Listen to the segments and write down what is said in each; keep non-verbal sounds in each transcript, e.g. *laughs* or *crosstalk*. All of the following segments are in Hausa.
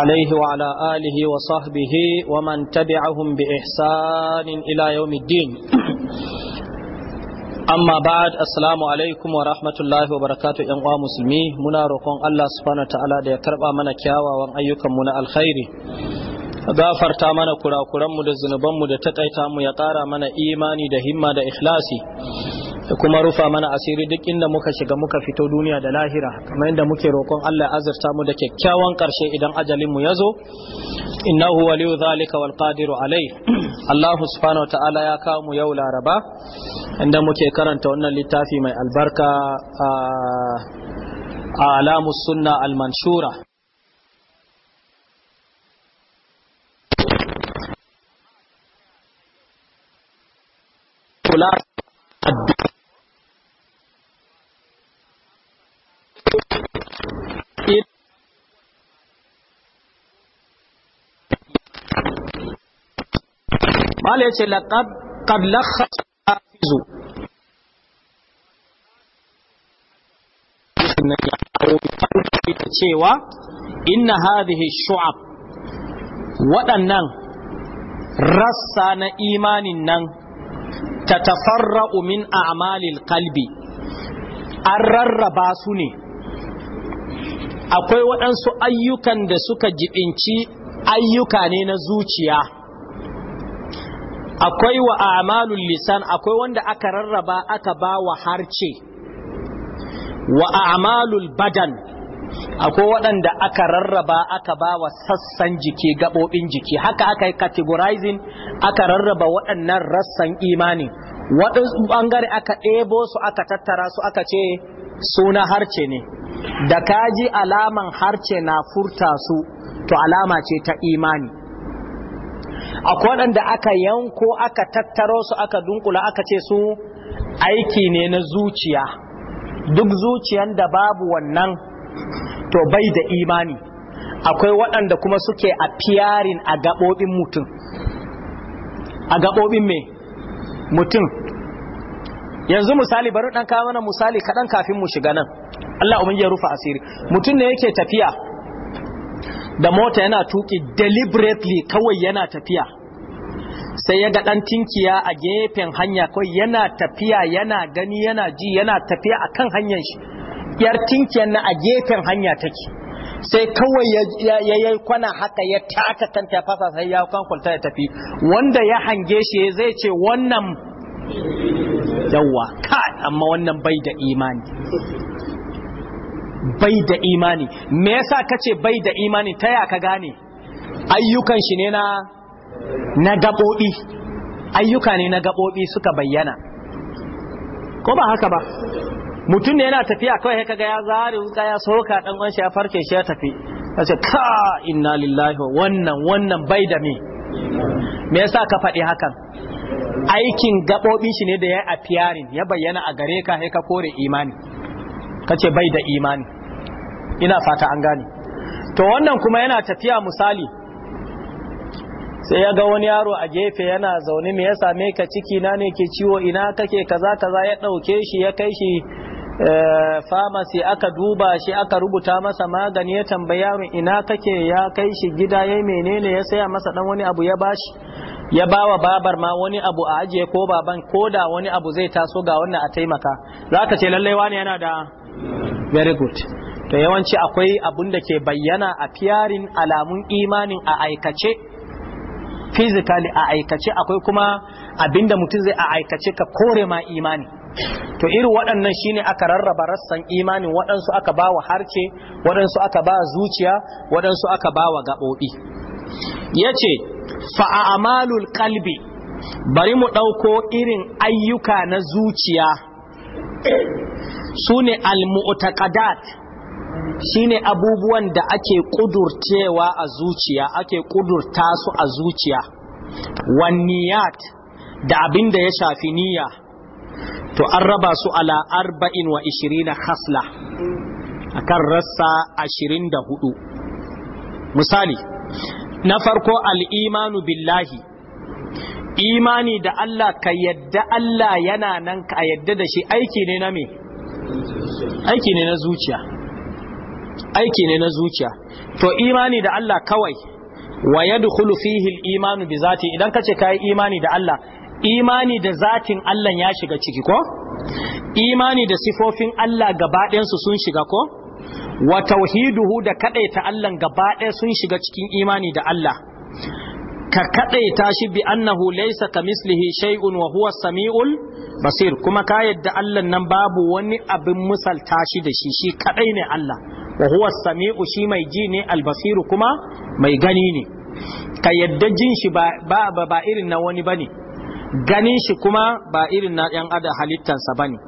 عليه وعلى آله وصحبه ومن تبعهم بإحسان إلى يوم الدين amma ba'ad assalamu alaikum wa rahmatullahi wa barakatu yan uwa musulmi muna roƙon Allah subhanahu ta'ala da ya karba mana kyawawan ayyukan mu na alkhairi gafarta mana kurakuran mu da zunubanmu mu da takaita mu ya ƙara mana imani da himma da ikhlasi kuma rufa mana asiri duk inda muka shiga muka fito duniya da lahira kamar inda muke roƙon Allah azurta mu da kyakkyawan ƙarshe idan ajalin mu yazo innahu waliyu zalika wal qadiru alai Allah subhanahu ta'ala ya kawo mu yau laraba inda muke karanta wannan littafi mai albarka a alamus sunna al manshura kula mala yace laqad qad lakhasa fizu na ya kawo cewa inna hadhihi shu'ab waɗannan rassa na imanin nan tatafarra'u min a'malil kalbi. an rarraba su ne akwai waɗansu ayyukan da suka jibinci ayyuka ne na zuciya akwai wa amalul lisan akwai wanda aka rarraba aka ba wa harce wa amalul badan akwai waɗanda aka rarraba aka ba wa sassan jiki gaɓoɓin jiki haka aka yi categorizing aka rarraba waɗannan rassan imani waɗansu ɓangare aka ɗebo su aka tattara su aka ce suna harce ne da kaji alaman harce na furta su to alama ce ta imani akwai waɗanda aka yanko aka tattaro su aka dunkula aka ce su aiki ne na zuciya duk zuciyan da babu wannan to bai da imani akwai waɗanda kuma suke a fiyarin a gaɓoɓin mutum a gaɓoɓin me? mutum yanzu misali bari ɗan kawo mana misali kaɗan kafin mu shiga nan Allah umar ya rufa asiri mutum ne yake tafiya da mota yana tuki deliberately kawai yana tafiya sai ya ga ɗan tinkiya a gefen hanya kawai yana tafiya yana gani yana ji yana tafiya a kan hanyar shi yar tinkiyar na a gefen hanya take sai kawai ya yi kwana haka ya taka kanta ya fasa sai ya kwankwanta ya tafi wanda ya hange shi zai ce wannan yawa ka amma wannan bai da imani bai da imani me yasa kace bai da imani ta ya ka gane ayyukan shi ne na na gabobi ayyuka ne na gabobi suka bayyana ko ba haka ba mutum ne yana tafiya kawai kaga ya zari wuka ya soka dan uwan ya farke shi ya tafi kace ka inna lillahi wannan wannan bai da me me yasa ka faɗi hakan aikin gabobi shi ne da ya fiyarin ya bayyana a gare ka sai ka kore imani kace bai da imani ina fata an gane to wannan kuma yana tafiya misali sai ya ga wani yaro a gefe yana zaune me ya same ka ciki na ne ke ciwo ina kake kaza kaza ya dauke shi ya kai shi famasi eh, aka duba shi aka rubuta masa magani ya tambayi yaron ina kake ya kai shi gida ya menene ya saya masa dan wani abu ya bashi ya bawa babar ma wani abu a ajiye ko baban ko da wani abu zai taso ga wannan a taimaka zaka ce lallai wani yana da very good to yawanci akwai abun da ke bayyana a fiyarin alamun imanin a aikace physically a aikace akwai kuma abinda mutum zai a aikace ka kore ma imani to iri waɗannan shine aka rarraba rassan imanin waɗansu aka ba wa harce waɗansu aka ba zuciya waɗansu aka ba wa gaɓoɓi yace fa'amalul kalbi bari mu ɗauko irin ayyuka na zuciya Sune ne al-mu'taqadat shine abubuwan da ake kudurcewa a zuciya ake kudurta su a zuciya wan da abin da ya shafi niyya to an raba su ala arba'in wa khasla akan rassa ashirin misali na farko al-imanu billahi imani da Allah ka yadda Allah yana nan ka yadda da shi aiki ne na me aiki ne na zuciya aiki ne na zuciya to imani da Allah kawai wa yadkhulu fihi al-imanu bi zati idan kace kai imani da Allah imani da zatin Allah ya shiga ciki ko imani da sifofin Allah gaba su sun shiga ko wa tauhiduhu da kadaita Allah gaba sun shiga cikin imani da Allah ka kadaita shi bi annahu laysa kamislihi shay'un wa huwa samiul basir kuma ka yadda Allah nan babu wani abin misalta shi da shi shi kadai ne Allah wa huwa sami'u shi mai ji ne albasiru kuma mai gani ne ka yadda jin shi ba ba, ba irin na wani bane ganin shi kuma ba irin na yan ada halittansa bane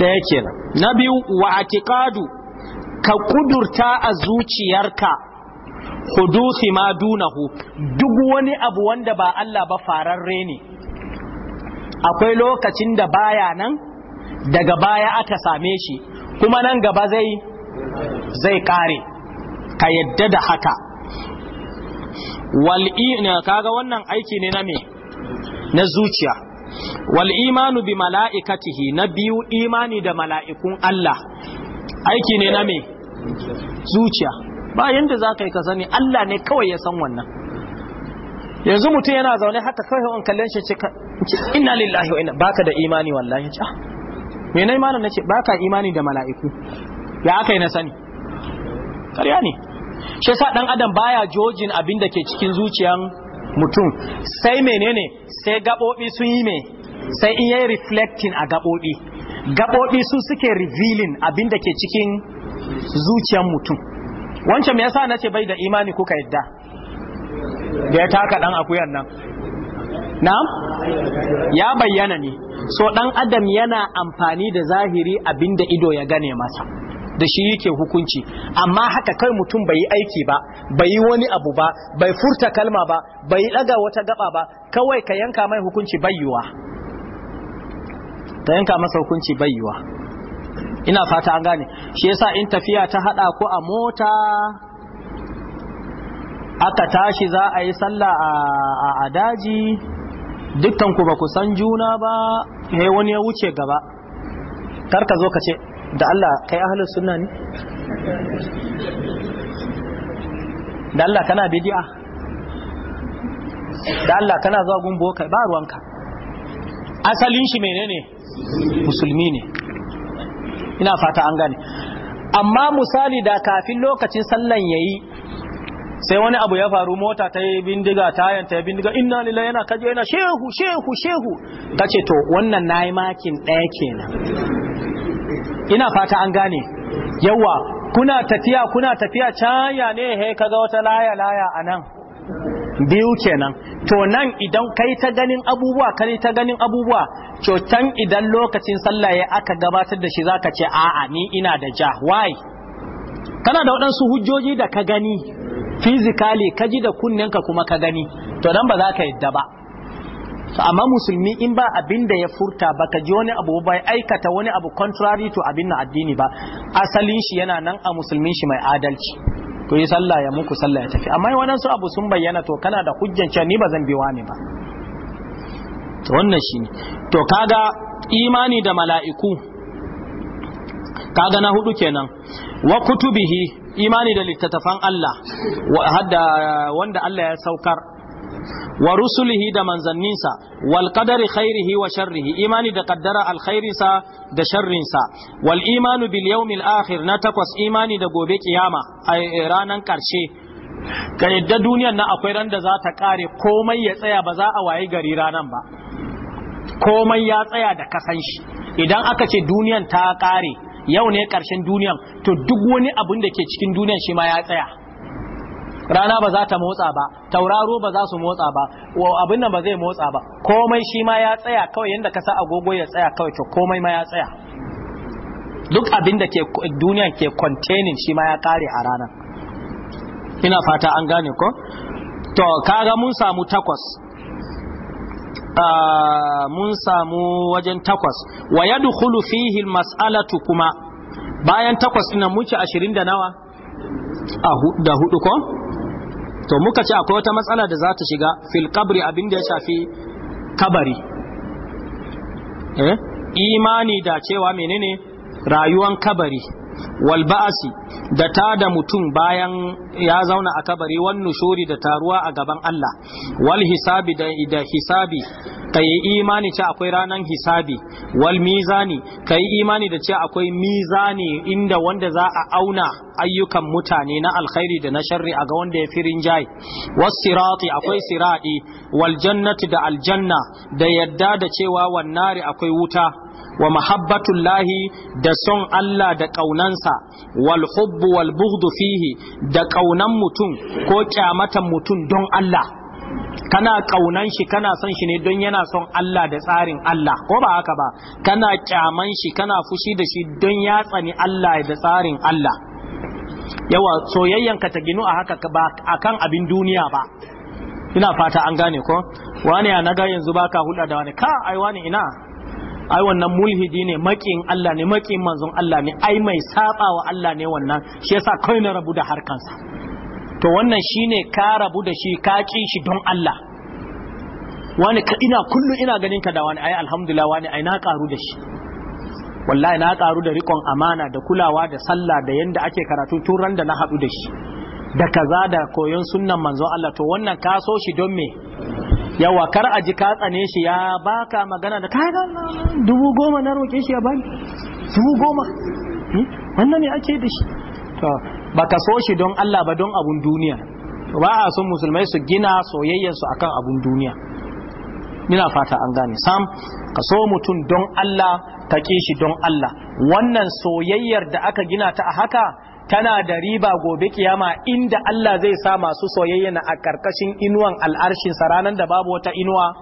daya kenan na biyu wa atiqadu ka kudurta a zuciyarka hudusi ma dunahu duk wani abu wanda ba Allah ba fararre ne akwai lokacin da baya nan daga baya aka same shi kuma nan gaba zai zai kare ka yadda da haka kaga wannan aiki ne na me na zuciya wal imanu bi mala'ikatihi na biyu imani da mala'ikun Allah aiki ne na me zuciya ba yanda za ka yi ka sani Allah ne kawai ya san wannan yanzu mutum yana zaune haka kawai in kallon shi ce inna lillahi wa inna baka da imani wallahi ce ah, me nayi malam nace baka imani da mala'iku ya aka yi na sani Karya ne shi yasa dan adam baya jojin abin da ke cikin zuciyan mutum sai menene sai gabobi sun yi me sai in yayi reflecting a gabobi gabobi su suke revealing abin da ke cikin zuciyan mutum wancan me yasa nace bai da imani kuka yadda da ya taka dan akuyan nan na'am ya bayyana ne so dan adam yana amfani da zahiri abinda ido ya gane masa da shi yake hukunci amma haka kai mutum bai yi aiki ba bai yi wani abu ba bai furta kalma ba bai daga wata gaba ba kawai ka yanka mai hukunci bayyuwa ta yanka masa hukunci bayyuwa ina fata an gane shi yasa in tafiya ta hada ko a mota aka tashi za a yi sallah a daji dukkan ku ba ku san juna ba sai wani ya wuce gaba kar ka zo ka ce da Allah kai ahlus sunna ne da Allah kana bid'a da Allah kana zuwa gumbo kai ba ruwanka asalin shi menene musulmi ne ina fata an gane amma misali da kafin lokacin sallan yayi sai wani abu ya faru mota ta yi bindiga tayan ta yi bindiga inna lila yana kaje yana shehu shehu shehu ce to wannan na yi makin ɗaya kenan ina fata an gane yawa kuna tafiya kuna tafiya caya ne he ga wata laya laya a nan? biyu kenan to nan idan kai ta ganin abubuwa kai ta ganin abubuwa to can idan lokacin sallah ya aka gabatar da shi zaka ce a'a ni ina da ja why kana da waɗansu hujjoji da ka gani fizikali ka ji da kunnenka kuma ka gani to dan ba za ka yadda ba amma musulmi in ba abin da ya furta ba ka ji wani abu ba ya aikata wani abu contrary to abin na addini ba asalin shi yana nan a musulmin shi mai adalci to yi sallah ya muku sallah ya tafi amma su abu sun bayyana to kana da hujjan cewa ni ba zan bi wani ba to wannan shine to kaga imani da mala'iku kaga na hudu kenan wa kutubihi imani da littattafan Allah hadda wanda Allah ya saukar wa rusulihi da manzanninsa wal qadari khairihi wa sharrihi imani da qaddara alkhairinsa da sharrinsa wal imanu bil yawmil akhir na takwas imani da gobe kiyama a ranan karshe ka yadda duniyan nan akwai ran da za ta kare komai ya tsaya ba za a wayi gari ranan ba komai ya tsaya da kasan shi idan aka ce duniyan ta kare yau ne karshen duniya to duk wani abin da ke cikin duniya shi ma ya tsaya rana ba za ta motsa ba tauraro ba za su motsa ba abin nan ba zai motsa ba komai shi ma ya tsaya kawai yadda ka sa agogo ya tsaya kawai to komai ma ya tsaya duk abin da ke duniyan ke containing shi ma ya kare a rana. ina fata an gane ko to kaga mun samu takwas mun samu wajen takwas wa yadkhulu fihi mas'alatu kuma bayan takwas nan muke ashirin da nawa da hudu ko to muka ce akwai wata matsala da za ta shiga fil qabri abin da ya shafi kabari eh imani da cewa menene rayuwan kabari wal ba'asi da ta da mutum bayan ya zauna a kabari wannan shuri da taruwa a gaban Allah wal hisabi da, hisabi kai imani ce akwai ranan hisabi wal mizani kai imani da ce akwai mizani inda wanda za a auna ayyukan mutane na alkhairi da na sharri a ga wanda ya fi rinjaye was sirati akwai sirati wal jannati da aljanna da yadda da cewa wannan nari akwai wuta wa mahabbatullahi da son Allah da ƙaunansa wal hubbu wal bughdu fihi da ƙaunan mutum ko kyamatan mutum don Allah kana ƙaunan shi kana son shi ne don yana son Allah da tsarin Allah ko ba haka ba kana kyaman shi kana fushi da shi don ya tsani Allah da tsarin Allah yawa soyayyanka ta ginu a haka ba akan abin duniya ba ina fata an gane ko wani ya naga yanzu baka hulɗa da wani ka ai wani ina ai wannan mulhidi ne makin Allah ne makin manzon Allah ne ai mai saba wa Allah ne wannan shi yasa kai na rabu da harkansa to wannan shine ka rabu da shi ka ki shi don Allah wani ka ina kullu ina ganin ka da wani ai alhamdulillah wani ai na karu da shi wallahi na karu da rikon amana da kulawa da sallah da yanda ake karatu tun ran da na hadu da shi da kaza da koyon sunnan manzon Allah to wannan ka so shi don me yawa kar a ji ka tsane shi ya baka magana da kaga dubu goma na roƙe shi ya bani dubu goma hmm? wannan ne ake da shi to baka so shi don Allah ba don abun duniya ba a son musulmai su gina soyayyar su akan abun duniya ina fata an gane sam ka so mutum don Allah ka kishi shi don Allah wannan soyayyar da aka gina ta a haka tana da riba gobe kiyama inda Allah zai sa masu soyayyana a karkashin inuwan al'arshin ranar da babu wata inuwa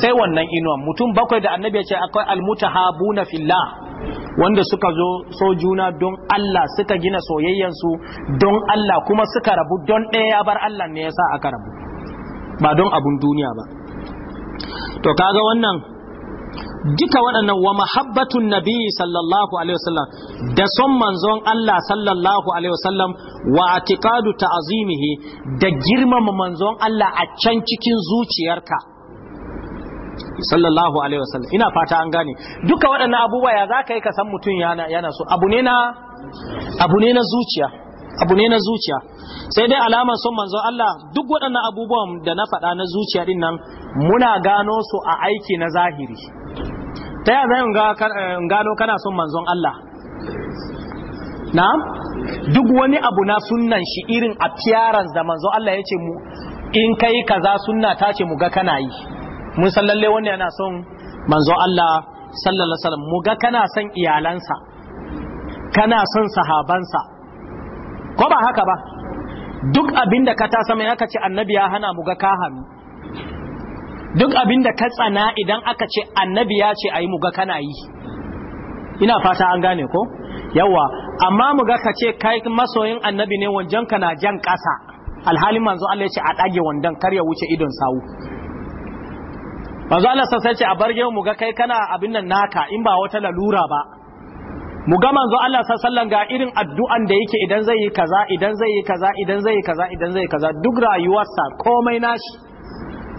sai wannan inuwan mutum bakwai da annabi ya ce akwai almutahabuna fillah wanda suka zo so juna don Allah suka gina soyayyansu don Allah kuma suka rabu don ɗaya ya bar Allah ne yasa aka rabu ba don abun duniya ba to kaga wannan duka waɗannan wa mahabbatun nabi sallallahu alaihi wasallam da son manzon Allah sallallahu alaihi wasallam wa atiqadu ta'zimihi da girmama manzon Allah a can cikin zuciyarka sallallahu alaihi wasallam ina fata an gane duka waɗannan abubuwa ya zaka yi ka san mutum yana yana so abu ne na abu ne na zuciya abu ne na zuciya sai dai alamar son manzon Allah duk waɗannan abubuwan da na faɗa na zuciya ɗin nan muna gano su a aiki na zahiri ta yi zai eh, gano kana son manzon Allah Na, duk wani abu na sunan shi irin appearance da manzon Allah ya ce mu in kai kaza suna ta ce mu ga kana yi mun sallalle wani yana son manzon Allah sallallahu alaihi wasallam mu ga kana son iyalansa kana son sahabansa ko ba haka ba duk abinda ka ta sama ya ce annabi ya hana mu ga kahami duk abin da ka tsana idan aka ce annabi ya ce ayi muga kana yi ina fata an gane ko yawa amma muga ka ce kai masoyin annabi ne wajenka ka na jan ƙasa alhalin manzo Allah ya ce a dage wandan kar ya wuce idon sawu manzo Allah sai ce a barge mu ga kai kana abin nan naka in ba wata lalura ba mu ga manzo Allah sallallahu ga irin addu'an da yake idan zai yi kaza idan zai yi kaza idan zai yi kaza idan zai yi kaza duk rayuwarsa komai nashi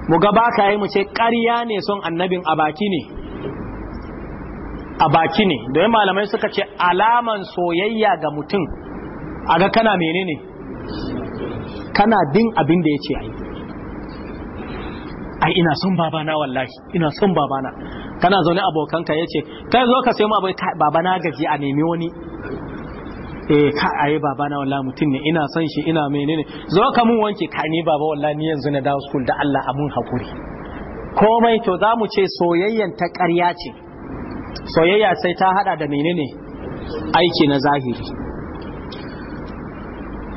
mu ga ka yi mu ce ƙarya ne son annabin a baki ne a baki ne domin malamai suka ce alaman soyayya ga mutum a ga kana menene kana bin abin da ya ce ai ai ina son babana wallahi ina son babana kana zaune abokanka ya ce kai zo ka sai mu abai babana gaji a nemi wani eh ka ayi baba na wallahi mutum ne ina son shi ina menene zo ka mun wanke ka ni baba wallahi ni yanzu na dawo school da Allah a mun hakuri komai to zamu ce soyayyan ta ƙarya ce soyayya sai ta hada da menene aiki na zahiri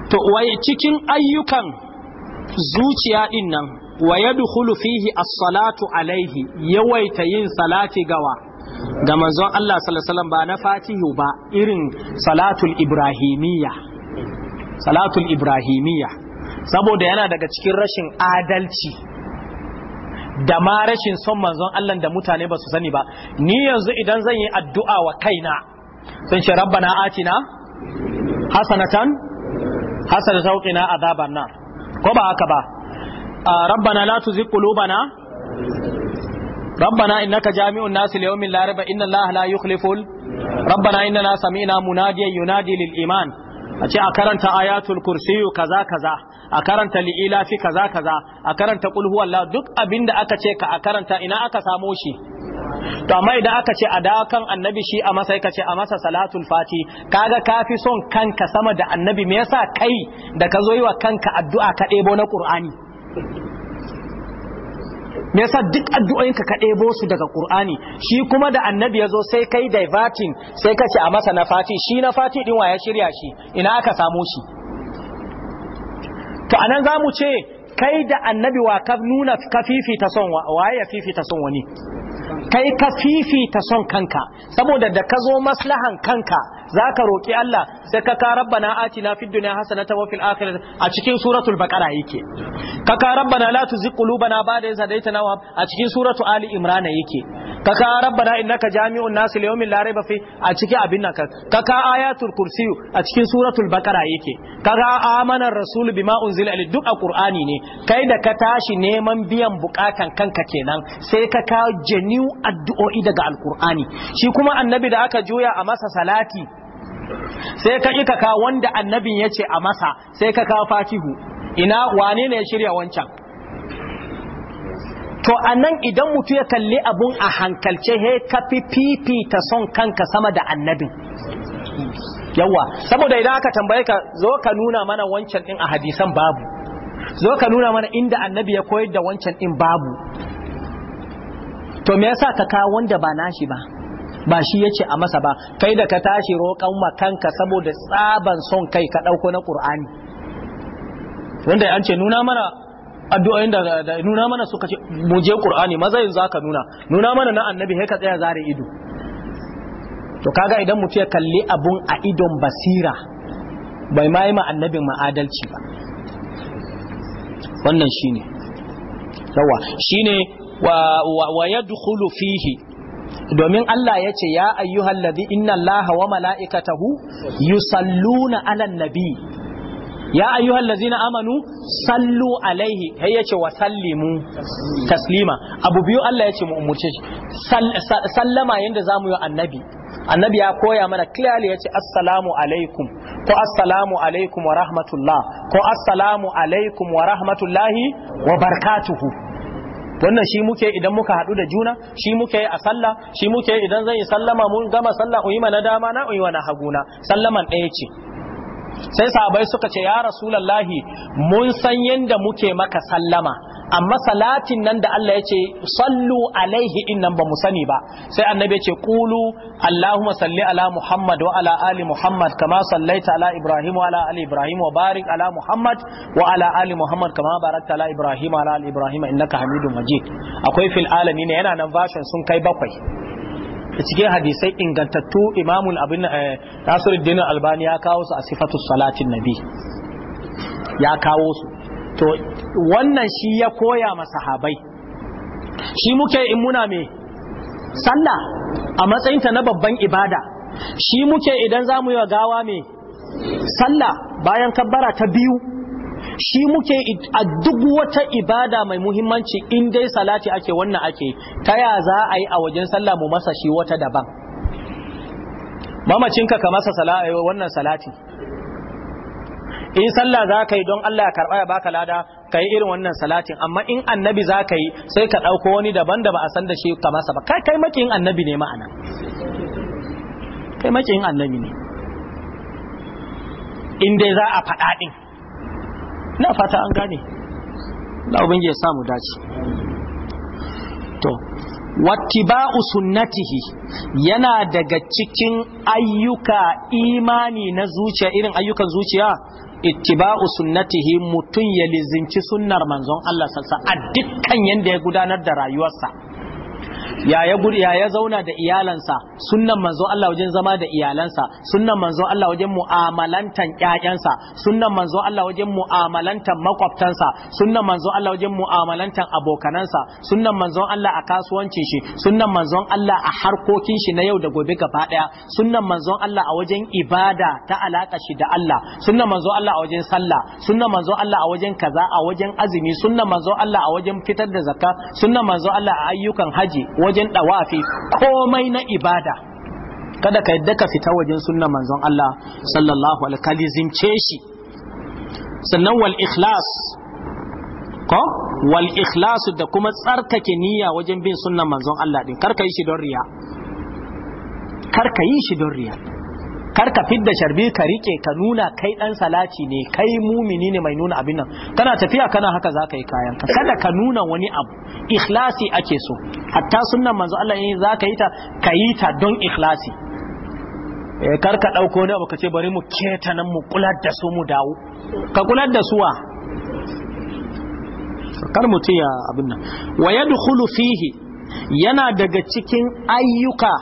to wai cikin ayyukan zuciya din nan wa fihi as-salatu alaihi yawaita yin salati gawa ga manzon Allah sallallahu ba na fatihu ba irin salatul ibrahimiyya salatul ibrahimiyya saboda yana daga cikin rashin adalci da ma rashin son manzon Allah da mutane ba su sani ba ni yanzu idan zan yi addu'a wa kaina sun ce rabbana atina hasanatan hasanatan qina azabar nar ko ba haka ba ah, rabbana la tuzigh qulubana ربنا إنك جامع الناس ليوم لا ريب إن الله لا يخلف ربنا إننا سمعنا مناديا ينادي للإيمان أتي أكرنت آيات الكرسي كذا كذا أكرنت لإلاف كذا كذا أكرنت قل هو الله دك أبند أكتشيك أكرنت إنا أكساموشي to amma idan aka ce a dawo kan annabi shi a masa ce a masa salatul fati kaga kafi son kanka sama da annabi me yasa kai da ka zo yi wa kanka addu'a ka ɗebo na qur'ani me yasa duk addu'o'inka ka ɗebo su daga Qur'ani shi kuma da annabi ya zo sai kai diverting sai ka ce a masa na fati shi na fati din ya shirya shi ina aka samu shi to anan za mu ce kai da annabi wa ka nuna ka fifita son wa ya fifita son wani kai ka fifita son kanka saboda da ka zo maslahan kanka zaka roƙi Allah sai ka ka rabbana atina fid dunya hasanatan wa fil akhirati a cikin suratul baqara yake ka ka rabbana la tuzigh qulubana ba'da idh hadaytana wa a cikin suratul ali imran yake ka ka rabbana innaka jami'un nas li yawmin la rayba fi a cikin abin nan ka ka ayatul kursi a cikin suratul baqara yake ka ka amana rasul bima unzila ilayhi duk a qur'ani ne kai da ka tashi neman biyan bukatan kanka kenan sai ka ka jani biyu addu'o'i daga alkur'ani shi kuma annabi da aka juya a masa salati sai ka ika ka wanda annabin ya ce a masa sai ka kawo fatihu ina wane ne ya shirya wancan to anan idan mutu ya kalli abun a hankalce he ka fi ta son kanka sama da annabin yawa saboda idan aka tambaye ka zo ka nuna mana wancan din a hadisan babu zo ka nuna mana inda annabi ya koyar da wancan din babu to me yasa ka kawo wanda ba nashi ba ba shi yace a masa ba kai da ka tashi roƙan ma kanka saboda tsaban son kai ka ɗauko na Qur'ani wanda an ce nuna mana addu'o'in da nuna mana suka ce mu je Qur'ani maza yanzu zaka nuna nuna mana na annabi sai ka tsaya zare ido to kaga idan mutum ya kalli abun a idon basira bai ma ma annabin ma adalci ba wannan shine yawa shine wa yadkhulu fihi domin Allah ya ce ya ayyuhal ladhi inna Allaha wa mala'ikatahu yusalluna 'alan nabi ya ayyuhal ladzina amanu sallu alaihi sai yace wa sallimu taslima abu biyu Allah ce mu umurce shi sallama yanda zamu yi annabi annabi ya koya mana clearly yace assalamu alaikum ko assalamu alaikum wa rahmatullah ko assalamu alaikum wa rahmatullahi wa barakatuhu wannan shi muke idan muka haɗu da juna shi muke a sallah shi muke idan zan yi sallama mun gama sallah uyi mana dama na uyi na haguna sallaman ɗaya ce sai sahabai suka ce ya rasulallahi mun san yadda muke maka sallama amma salatin nan da Allah ya ce sallu alaihi in nan ba mu sani ba sai annabi ya ce qulu allahumma salli ala muhammad wa ala ali muhammad kama sallaita ala ibrahim wa ala ali ibrahim wa barik ala muhammad wa ala ali muhammad kama barakta ala ibrahim wa ala ali ibrahim innaka hamidum majid akwai fil alamin yana nan version sun kai bakwai cikin hadisai ingantattu imamun abin eh, nasiruddin albani ya kawo su a sifatu salatin nabi ya kawo su to wannan shi ya koya ma sahabai shi muke in muna me sallah a matsayinta na babban ibada shi muke idan za mu yi gawa mai sallah bayan kabbara ta biyu shi muke a duk wata ibada mai muhimmanci in dai salati ake wannan ake ta ya za a yi a wajen sallah mu masa shi wata daban mamacinka ka masa eh, wannan salati in sallah za ka yi don Allah ya karɓa ya baka lada ka yi irin wannan salatin amma in annabi za ka yi sai ka ɗauko wani daban da ba a san da shi ka masa ba kai kai in annabi ne ma'ana kai in annabi ne in dai za a faɗaɗin. na fata an gane laubin ya samu dace to wattiba sunnatihi yana daga cikin ayyuka imani na zuciya irin ayyukan zuciya Ittiba sunnatihi mutum ya lizinci sunnar manzon Allah sallallahu a dukkan yanda ya gudanar da rayuwarsa ya ya ya zauna da iyalansa sunnan manzo Allah wajen zama da iyalansa sunnan manzo Allah wajen mu'amalantan ƴaƴansa sunnan manzo Allah wajen mu'amalantan makwabtansa sunnan manzo Allah wajen mu'amalantan abokanansa sunnan manzon Allah a kasuwancin shi sunnan manzon Allah a harkokin shi na yau da gobe gaba daya sunnan manzon Allah a wajen ibada ta alaka shi da Allah sunnan manzon Allah a wajen sallah sunnan manzon Allah a wajen kaza a wajen azumi sunnan manzon Allah a wajen fitar da zakka sunnan manzon Allah a ayyukan haji wajen dawafi komai na ibada kada ka yadda ka fita wajen sunna manzon Allah sallallahu alaihi wasallam zimce shi sannan wal ikhlas ko wal ikhlas da kuma tsarkake niyya wajen bin sunnan manzon Allah din kar ka yi shi don riya kar ka yi shi don riya kar ka fidda sharbi ka rike ka nuna kai dan salati ne kai mumini ne mai nuna abin nan kana tafiya kana haka zaka yi kayan ka kada ka nuna wani abu ikhlasi ake so hatta sunnan manzo Allah in zaka yi ta yi ta don ikhlasi eh kar ka dauko ne baka ce bari mu keta nan mu kular da su mu dawo ka kular da suwa kar mu ya abin nan wa yadkhulu fihi yana daga cikin ayyuka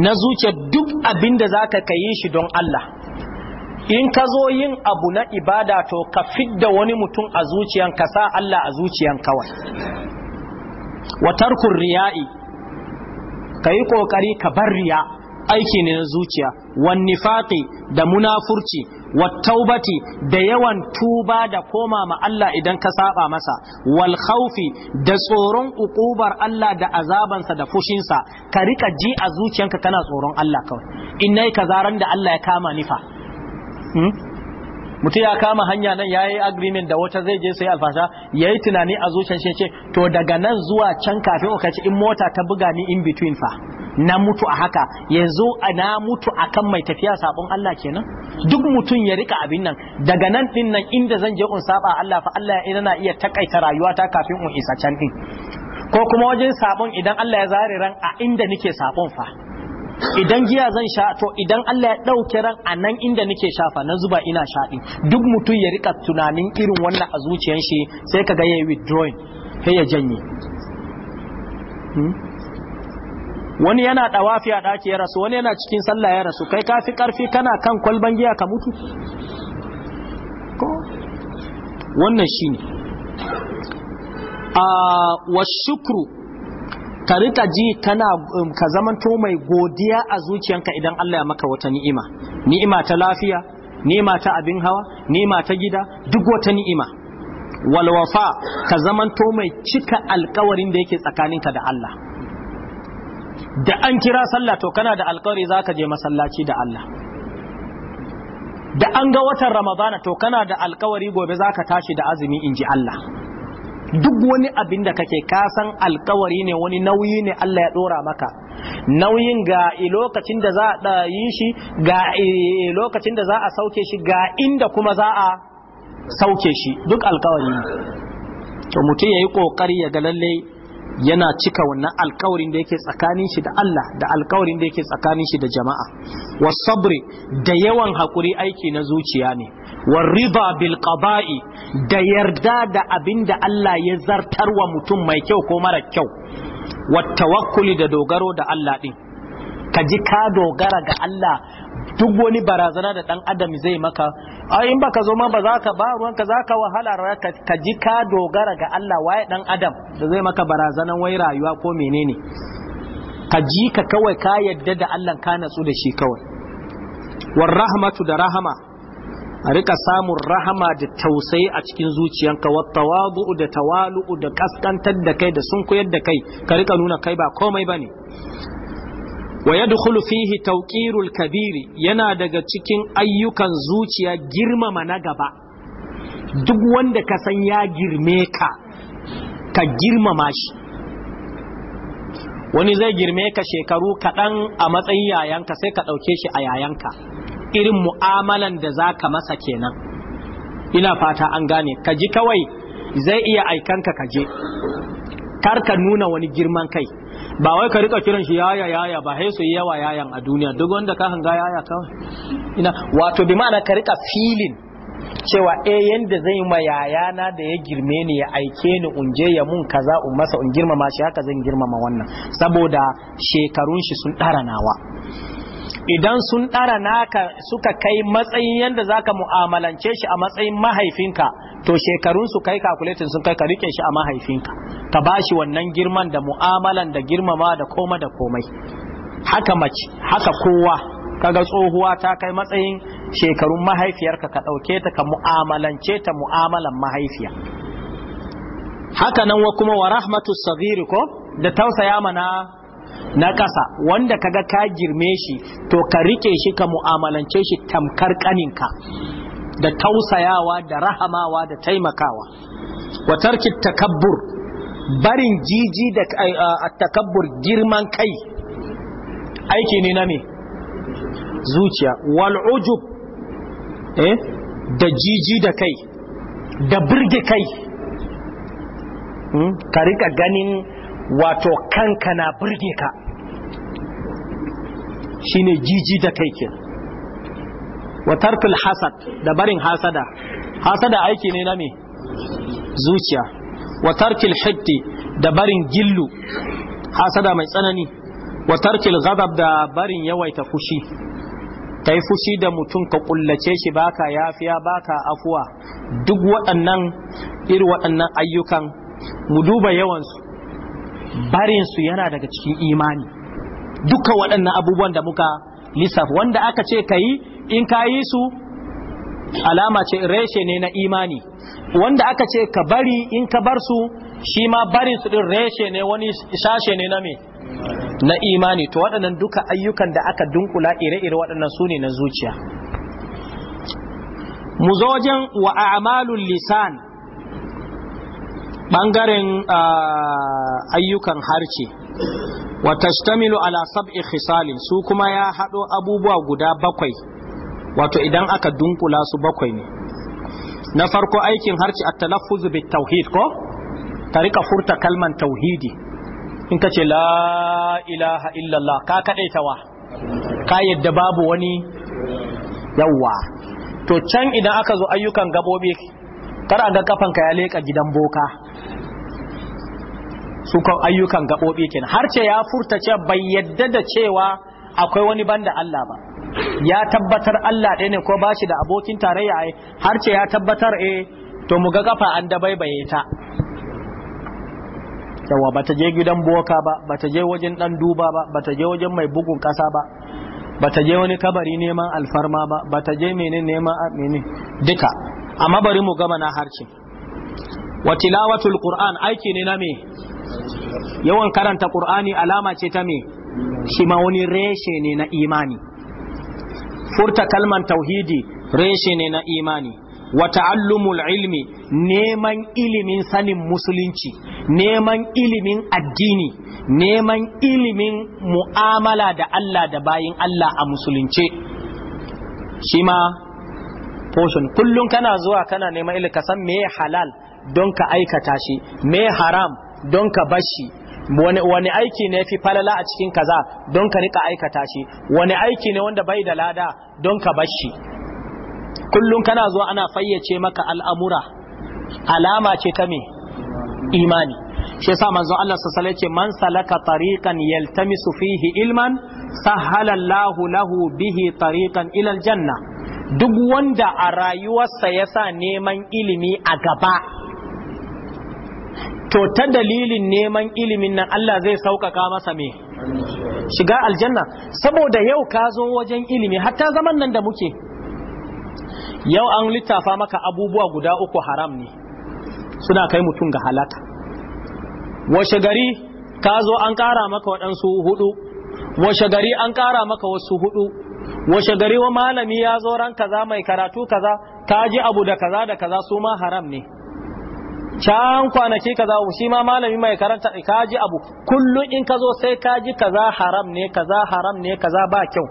na zuciya duk abin da za ka yi shi don Allah in ka zo yin abu na ibada to ka fidda wani mutum a zuciyan ka sa Allah a zuciyan kawai watarkun riya'i ka yi ƙoƙari ka bar riya' aiki ne na zuciya wan nifaqi da munafurci wat taubati da yawan tuba da koma ma Allah idan ka saba masa wal khawfi da tsoron ukubar Allah da azabansa da fushinsa ka rika ji a zuciyanka kana tsoron Allah kawai innai kazaran da Allah ya kama nifa hmm? mutum ya kama hanya nan ya yi agreement da wata zai je sai alfasha ya yi tunani a zuciyar shi ce to daga nan zuwa can kafin ka ci in mota ta buga ni in between fa na mutu a haka yanzu na mutu akan mai tafiya sabon Allah kenan duk mutum ya rika abin nan daga nan din nan inda zan je in saba Allah fa Allah yana iya takaita rayuwa ta kafin in isa can din ko kuma wajen sabon idan Allah ya zare ran a inda nike sabon fa idan giya zan sha to idan Allah ya ɗauke ran a nan inda nake shafa na zuba ina shaɗi duk mutum ya rika tunanin irin wannan a zuciyar shi sai kaga yayi yi withdrawing sai ya janye hmm? wani yana dawafi a daki ya rasu wani yana cikin sallah ya rasu kai kafi karfi kana kan kwalban giya ka mutu ko wannan shine a washukru ka rika ji kana um, ka zamanto mai godiya a zuciyanka idan Allah ya maka wata ni'ima ni'ima ta lafiya ni'ima ta abin hawa ni'ima ta gida duk wata ni'ima walwafa ka zamanto mai cika alkawarin da yake tsakaninka da Allah da an kira sallah to kana da alkawari zaka je masallaci da Allah da an ga watan ramadana to kana da alƙawari gobe zaka tashi da azumi in ji Allah duk wani abin da kake kasan alƙawari ne wani nauyi ne Allah ya dora maka nauyin ga lokacin da za a yi shi ga lokacin da za a sauke shi ga inda kuma za a sauke shi duk alƙawari ne to mutum ya yi kokari ya ga lallai yana cika wannan alkawarin da yake tsakanin shi da Allah da alkawarin da yake tsakanin shi da jama'a was sabri da yawan hakuri aiki na zuciya ne war riba bil qada'i da yarda da abinda Allah ya zartar wa mutum mai kyau ko mara kyau wat tawakkuli da dogaro da Allah din ka ji ka dogara ga Allah duk wani barazana da dan adam zai maka ai in baka zo ma ba za ka ba ruwanka za ka wahala ka ji ka dogara ga Allah waye dan adam da zai maka barazanan wai rayuwa ko menene ka ji ka kawai ka yadda da Allah ka natsu da shi kawai war rahmatu da rahama a rika samun rahama da tausayi a cikin zuciyanka wa tawadu da tawalu'u da kaskantar da kai da sun da kai ka rika nuna kai ba komai bane wa yadkhulu fihi tawqirul kabiri yana daga cikin ayyukan zuciya girmama na gaba duk wanda ka san ya girme ka ka girmama shi wani zai girme ka shekaru kaɗan a matsayin yayanka sai ka ɗauke shi a yayanka irin mu'amalan da za ka masa kenan ina fata an gane ka ji kawai zai iya aikanka ka je kar ka nuna wani girman kai ba wai ka rika kiran shi yaya yaya ba sai su yawa yayan a duniya duk wanda ka hanga yaya kawai wato bi ma'ana ka rika filin cewa eh yanda yi ma yayana da ya girme ni ya aike ni unje ya mun kaza un masa in girmama shi haka zan girmama wannan saboda shekarun shi sun dara nawa idan sun ɗara naka suka kai matsayin yadda za ka mu'amalance shi a matsayin mahaifinka to shekarun su kai kakuletin sun kai ka rike shi a mahaifinka ka bashi wannan girman da mu'amalan da girmama da koma da komai haka mace haka kowa kaga tsohuwa ta kai matsayin shekarun mahaifiyarka ka ɗauke ta ka mu'amalance ta mu'amalan mahaifiya haka nan wa kuma wa rahmatu sagiri ko da tausaya mana na ƙasa wanda ka ga ka girme shi to ka rike shi ka mu'amalance shi tamkar ƙaninka. da tausayawa da rahamawa da taimakawa watarki takabbur barin jiji da takabbur girman kai aiki ne na me zuciya wal ujub eh da jiji da kai da birge kai hmm, ka rika ganin wato kanka na burge ka shine jiji da kai ke hasad da barin hasada hasada aiki ne na me zuciya wa tarkul da barin gillu hasada mai tsanani wa tarkul da barin yawaita Kushi. kai fushi da mutum ka kullace shi baka yafiya baka afuwa duk waɗannan irin waɗannan ayyukan mu duba yawansu barinsu yana daga cikin imani duka waɗannan abubuwan da muka lissafa wanda aka ce ka in ka yi su alama ce reshe ne na imani wanda aka ce ka bari in ka bar su shi ma barin su din reshe ne wani sashe ne na me na imani to waɗannan duka ayyukan da aka dunkula ire-ire waɗannan su ne na zuciya mu zo wajen wa a'malul lisan Bangaren ah, ayyukan harce wata ala sab'i khisalin su kuma ya haɗo abubuwa guda bakwai wato idan aka dunkula su bakwai ne na farko aikin harci a talaffuz bi tauhid ko ka furta kalman tauhidi in ka ce la ilaha illallah ka wa? ka yadda babu wani yawwa to can idan aka zo ayyukan gabobi kar a ga kafanka ya leka gidan boka su kan ayyukan gaɓoɓi kenan har ce ya furta ce bai yadda da cewa akwai wani banda Allah ba ya tabbatar Allah ɗaya ne ko ba shi da abokin tarayya ai har ce ya tabbatar e to mu ga kafa an dabaibaye ta yawa ba ta je gidan boka ba ba ta je wajen ɗan duba ba ba ta je wajen mai bugun ƙasa ba ba ta je wani kabari neman alfarma ba ba ta je menene neman amini ah, duka amma bari mu gama na harcin wa tilawatul qur'an aiki ne na me yawan karanta qur'ani alama ce ta me shi ma wani reshe ne na imani furta kalman tauhidi reshe ne na imani wa ta'allumul ilmi neman ilimin sanin musulunci neman ilimin addini neman ilimin mu'amala da Allah da bayin Allah a musulunce shi ma portion kullum kana zuwa kana neman ilimi ka san meye halal don ka aikata shi meye haram don ka bashi wani wani aiki ne fi falala a cikin kaza don ka rika aikata shi wani aiki ne wanda bai da lada don ka bashi kullum kana zuwa ana fayyace maka al'amura alama ce ta me imani shi yasa manzon Allah sallallahu alaihi wasallam man salaka tariqan yaltamisu fihi ilman sahala Allahu lahu bihi tariqan ila aljanna duk wanda a rayuwarsa ya sa neman ilimi a gaba to ta dalilin neman ilimin nan Allah zai sauƙaƙa masa me shiga aljanna saboda yau ka zo wajen ilimi hatta zaman nan da muke yau an littafa maka abubuwa guda uku haram ne suna kai mutum ga halata washe gari ka zo an ƙara maka waɗansu hudu washe gari an ƙara maka wasu hudu washe gari wa malami ya zo ran kaza mai karatu kaza ka ji abu da kaza da kaza su ma haram ne can kwanaki kaza shi ma malami mai karanta ka ji abu kullum in ka zo sai ka ji kaza haram ne kaza haram ne kaza ba kyau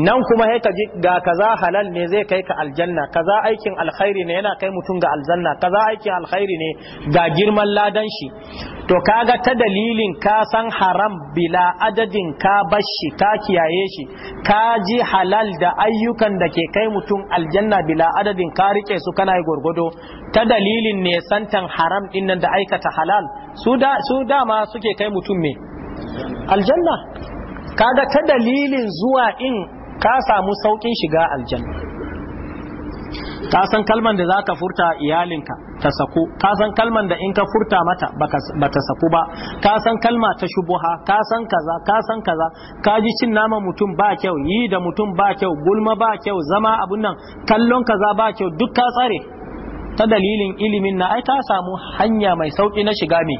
nan kuma sai ka ga kaza halal ne zai kai ka aljanna kaza aikin alkhairi ne yana kai mutum ga aljanna kaza aikin alkhairi ne ga girman ladan shi to kaga ta dalilin ka san haram bila adadin ka bashi ka kiyaye shi ka ji halal da ayyukan da ke kai mutum aljanna bila adadin ka rike su kana yi gwargwado ta dalilin ne santan haram din nan da aikata halal su su dama suke kai mutum me aljanna kaga ta dalilin zuwa in ka samu saukin shiga aljanna ka san kalman da zaka furta iyalinka ta saku ka san kalman da in ka furta mata bata saku ba ka san kalma ta shubuha ka san kaza ka san kaza ka ji cin nama mutum ba kyau yi da mutum ba kyau gulma ba kyau zama abun nan kallon kaza ba kyau duk ka tsare ta dalilin ilimin na ai ka samu hanya mai sauki na shiga me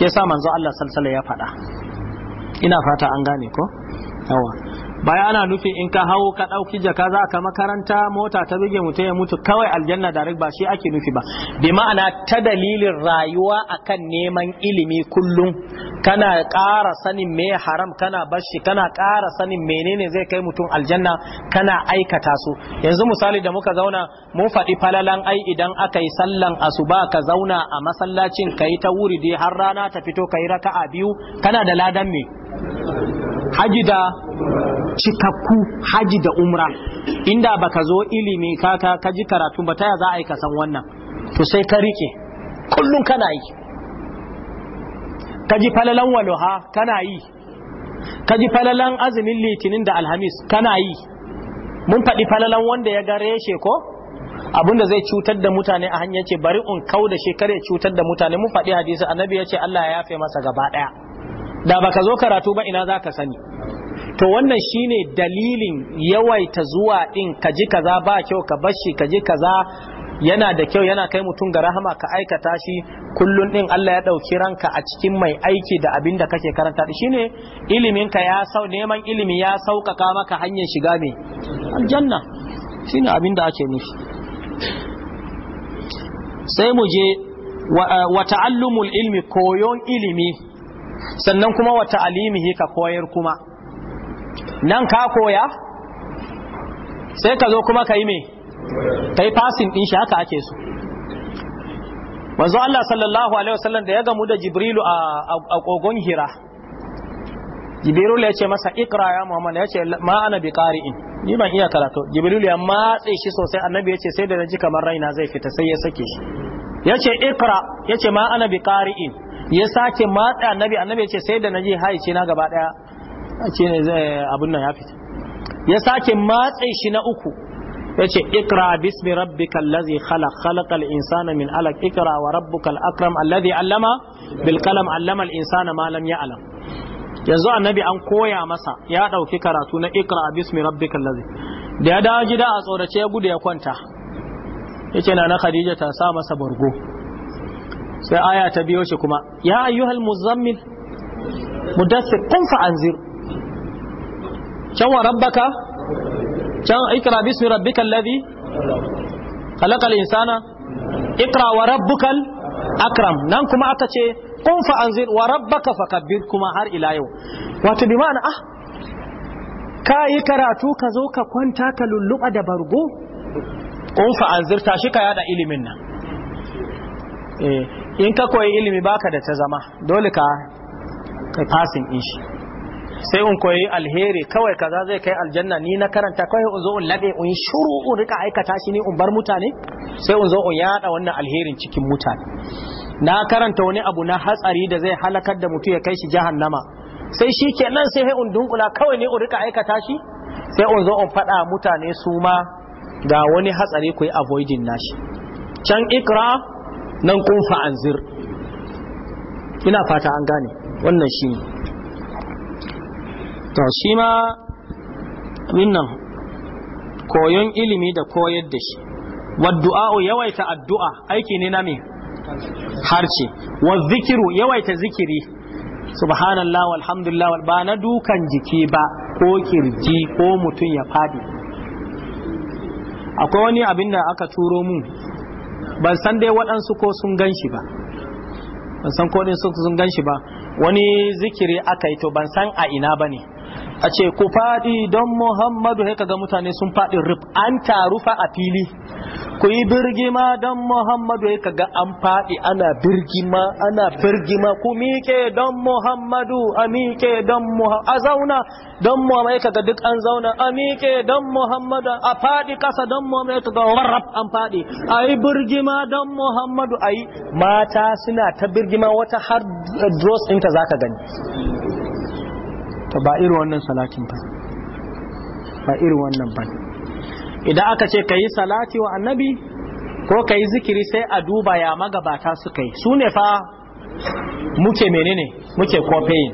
ke sa manzo Allah sallallahu ya faɗa ina fata an gane ko yawa baya ana nufi in ka hau ka ɗauki jaka za ka makaranta mota ta bige mutum ya mutu kawai aljanna direct ba shi ake nufi ba bi ma'ana ta dalilin rayuwa akan neman ilimi kullum kana ƙara sanin me haram kana bashi kana ƙara sanin menene zai kai mutum aljanna kana aikata su yanzu misali da muka zauna mun faɗi falalan ai idan aka yi sallan asuba ka zauna a masallacin ka yi ta wuri dai har rana ta fito ka yi raka'a biyu kana da ladan me haji da cikakku haji da umra inda baka zo ilimi kaka kaji karatu ba taya za a yi ka san wannan to sai ka rike kullun kana yi kaji falalan waloha kana yi kaji falalan azumin litinin da alhamis kana yi mun faɗi falalan wanda ya gare shi ko abinda zai cutar da mutane a hanyar ce bari in kau da shekarar cutar da mutane mun faɗi hadisi annabi ya ce Allah ya yafe masa gaba ɗaya da baka zo karatu ba ina zaka sani to wannan shine dalilin yawaita zuwa din kaji kaza ba kyau ka bashi kaji kaza yana da kyau yana kai mutum ga rahama ka aikata shi kullun din Allah ya dauki ranka a cikin mai aiki da abin da kake karanta ne ilimin ka ya sau neman ilimi ya sauƙaƙa maka hanyar shiga ne? aljanna shine abin da ake nufi sai mu je wa ta'allumul ilmi koyon ilimi sannan kuma wata alimihi ka koyar kuma nan ka koya sai ka zo kuma ka yi me ka yi fasin ɗin shi haka ake so wanzu Allah sallallahu Alaihi wasallam da ya gamu da jibrilu a kogon hira jibrilu ya ce masa ikra ya muhammad ya ce ma'ana bi ƙari'in ni ban iya karatu jibrilu ya matse shi sosai annabi ya ce sai da na ji kamar raina zai fita sai ya sake shi ya ce ikra ya ce ma'ana bi ƙari'in ya sake matsa annabi annabi ya ce sai da naje hai ce na gaba daya ce ne abun nan ya fita ya sake matse shi na uku ya ce ikra bismi rabbikal ladzi khalaq khalaqal insana min alaq ikra wa rabbukal akram alladhi allama bil qalam allama al insana ma lam ya'lam yanzu annabi an koya masa ya dauki karatu na ikra bismi rabbikal ladzi da ya dawo gida a tsorace ya gudu ya kwanta yace na na khadija ta sa masa bargo sai aya ta biyo shi kuma ya ayyuhal muzammil mudaththir qum fa anzir can wa rabbaka can ikra bismi rabbikal ladhi khalaqal insana ikra wa rabbukal akram nan kuma aka ce qum fa anzir wa rabbaka fakabbir kuma har ila yau wato bi ma'ana ah ka yi karatu ka zo ka kwanta ka lulluɓa da bargo qum fa anzir tashi ka yada ilimin nan eh, in ka koyi ilimi baka da ta zama dole ka kai fasin in shi sai un koyi alheri kawai kaza zai kai aljanna ni na karanta kawai in zo in lade in shuru in rika aikata shi ni un bar mutane sai in zo in yada wannan alherin cikin mutane na karanta wani abu na hatsari da zai halakar da mutum ya kai shi jahannama sai shi kenan sai un dunkula kawai ne un rika aikata shi sai un zo un faɗa mutane su ma ga wani hatsari ku yi avoiding nashi can ikra nan kun fa'anzir ina fata an gane wannan shi ne shi ma koyon ilimi da koyar da shi wadda'a'u yawaita addu'a aiki ne na me harce wa zikiru yawaita zikiri subhanallah walhamdulillah ba na dukan jiki ba ko kirji ko mutum ya fadi akwai wani abin da aka turo mu ban san dai waɗansu ko sun gan shi ba ban san ko sun gan shi ba wani zikiri aka yi to ban san a ina ba ne a ce ku faɗi don muhammadu haika ga mutane sun faɗi rif an taru fa a fili ku yi birgima don muhammadu haika ga an faɗi ana birgima ana birgima ku miƙe don muhammadu a miƙe don muhammadu a zauna don muhammadu haika ga duk an zauna a miƙe don muhammadu a faɗi ƙasa don muhammadu haka ga warraf an faɗi a yi birgima don muhammadu a yi mata suna ta birgima wata har dress ɗinta za ka gani to ba irin wannan salatin ba ba irin wannan ba idan aka ce ka yi salati wa annabi ko ka yi zikiri sai a duba ya magabata suka yi su ne fa muke menene muke kofeyin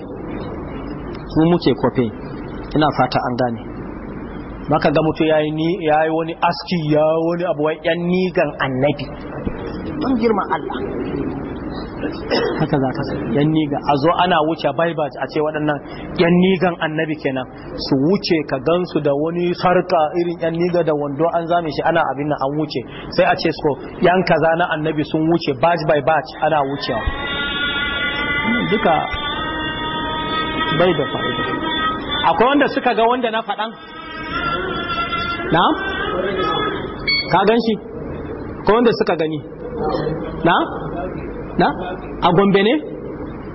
su muke kofeyin ina fata an gane maka ga mutu ya yi wani aski ya wani abuwa yan nigan annabi don girma Allah haka za ka yan niga a zo ana wuce bai ba a ce waɗannan yan nigan annabi kenan su wuce ka gansu da wani sarka irin yan niga da wando an zame shi ana abin nan an wuce sai a ce so yan kaza na annabi sun wuce batch by batch ana wucewa duka bai da fa'ida akwai wanda suka ga wanda na faɗan na ka gan shi ko wanda suka gani na na a gombe ne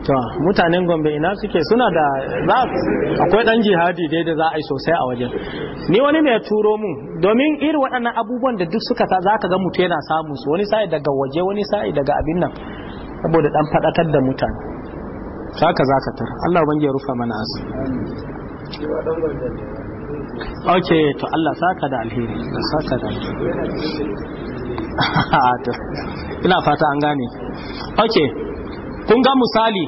to mutanen gombe ina suke suna da za akwai dan jihadi dai da za a yi sosai a wajen ni wani ne ya turo mun domin irin waɗannan abubuwan da duk suka za ka ga mutu yana samu su wani sa'i daga waje wani sa'i daga abin nan saboda dan fadatar da mutane saka za ka tara Allah ubangi ya rufa mana asu ok to Allah saka da alheri saka da alheri ina fata an gane ok kun ga misali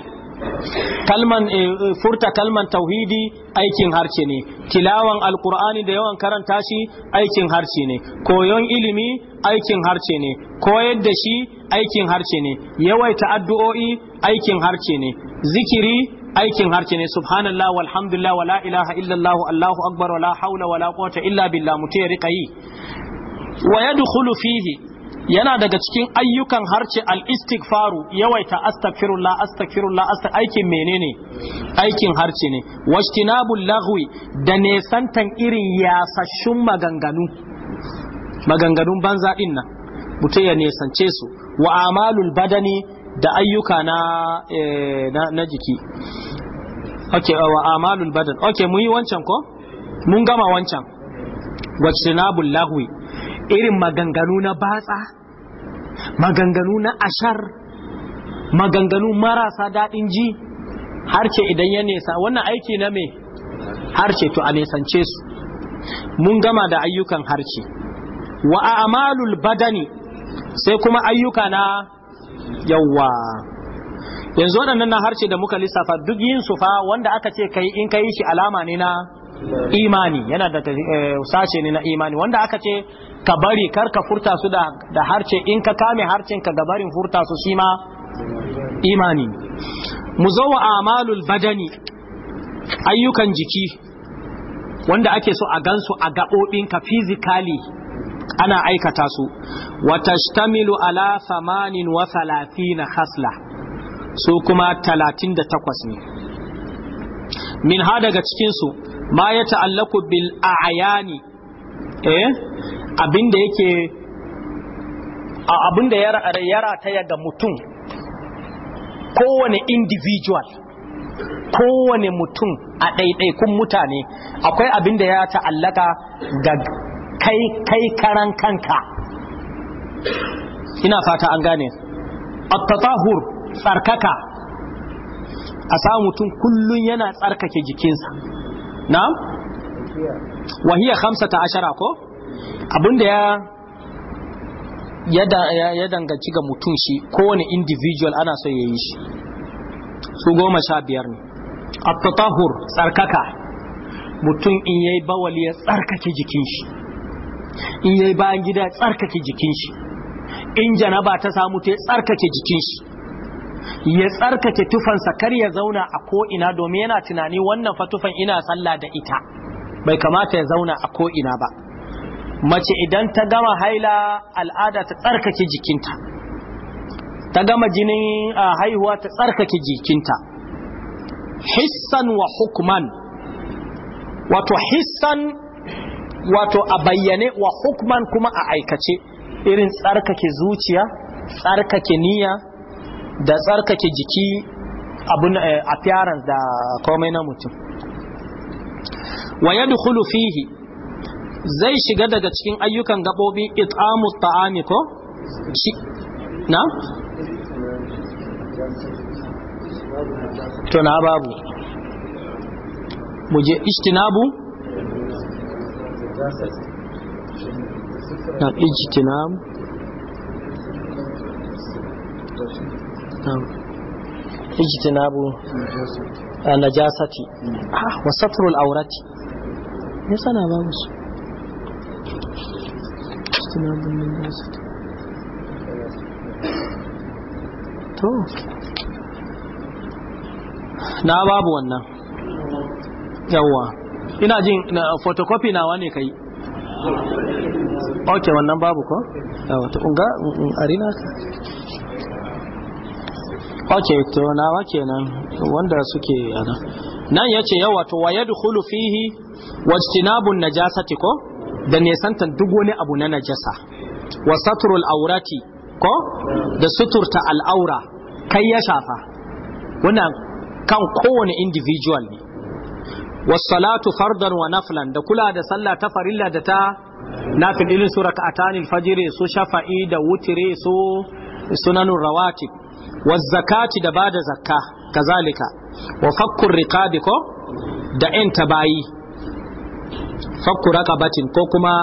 kalman eh, eh, furta kalman tauhidi aikin harce ne tilawan alkur'ani da yawan karanta shi aikin harce ne koyon ilimi aikin harce ne koyar da shi aikin harce ne yawaita addu'o'i aikin harce ne zikiri aikin harce ne subhanallah walhamdulillah wala ilaha illallah allahu akbar wala haula wala quwwata illa billah mutai riqayi wa yadkhulu fihi yana daga cikin ayyukan harce al-istighfaru yawaita astaghfirullah astaghfirullah asta aikin menene aikin harce ne washtinabul lagwi da nesantan irin yasashun maganganu maganganun banza din nan mutum ya nesance su wa amalul badani da ayyuka na eh, na, jiki okay eh, wa amalul badan okay mu yi wancan ko mun gama wancan washtinabul lahwi irin maganganu na batsa maganganu na ashar maganganu marasa daɗin ji harce idan ya nesa wannan aiki na me harce to a nesance su mun gama da ayyukan harce wa amalul badani sai kuma ayyuka na yawwa yanzu waɗannan na harce da muka lissafa duk yin sufa wanda aka ce kai in kai shi alama ne na imani yana da eh, sashe ne na imani wanda aka ce ka bari kar ka furta su da da harce in ka kame harcen ka gabarin furta su shi ma imani wa amalul badani ayyukan jiki wanda ake so a gansu a gaɓoɓin ka physically ana aikata su watashtamilu ala samanin na hasla su kuma 38 ne min ha daga cikinsu ma ya ta'allaku bil a'yani eh abin da yake abin da yara ta yaga mutum kowane individual kowane mutum a ɗaiɗaikun mutane akwai abin ya ta'allaka ga kai kai karan kanka ina fata an gane at tsarkaka a samu mutum kullum yana tsarkake jikinsa na ta ashara ko abinda ya ya danganci ga mutum shi kowane individual ana so ya yi shi su goma sha biyar ne attatahur tsarkaka mutum in yayi bawali ya tsarkake jikin shi in yayi bayan gida ya tsarkake jikin shi in janaba ta samu ta tsarkake jikin shi ya tsarkake tufansa kar ya zauna a ko'ina domin yana tunani wannan fa tufan ina sallah da ita bai kamata ya zauna a ko'ina ba mace idan ta gama haila al'ada ta tsarkake jikinta ta gama jinin haihuwa ta tsarkake jikinta hissan wa hukman wato hissan wato a bayyane wa hukman kuma a aikace irin tsarkake zuciya tsarkake niyya da tsarkake jiki abun eh, appearance da komai na mutum wa yadkhulu fihi zai shiga daga cikin ayyukan gabobin it'amu ta'ami ko? na? to na babu mu je ishtinabu? na ishtinabu? ijtinabu najasati ah, wa satrul aurati yasa na babu su na babu wannan yawwa ina jin photocopy nawa ne kai ok wannan babu ko arina mm, mm, ok to wanda suke yana nan yace yawa to wa yadkhulu fihi wajtinabun najasati ko da nesantan duk wani abu na najasa wa satrul aurati ko da suturta al'aura kai ya shafa wannan kan kowane individual ne wasalatu fardan wa naflan da kula da sallah ta farilla da ta nafil irin su raka'atanil fajiri su shafa'i da wutire su sunanun rawatib wa zakati da bada zakka kazalika wa fakkur riqabi ko da 'yan bayi fakku raqabatin ko kuma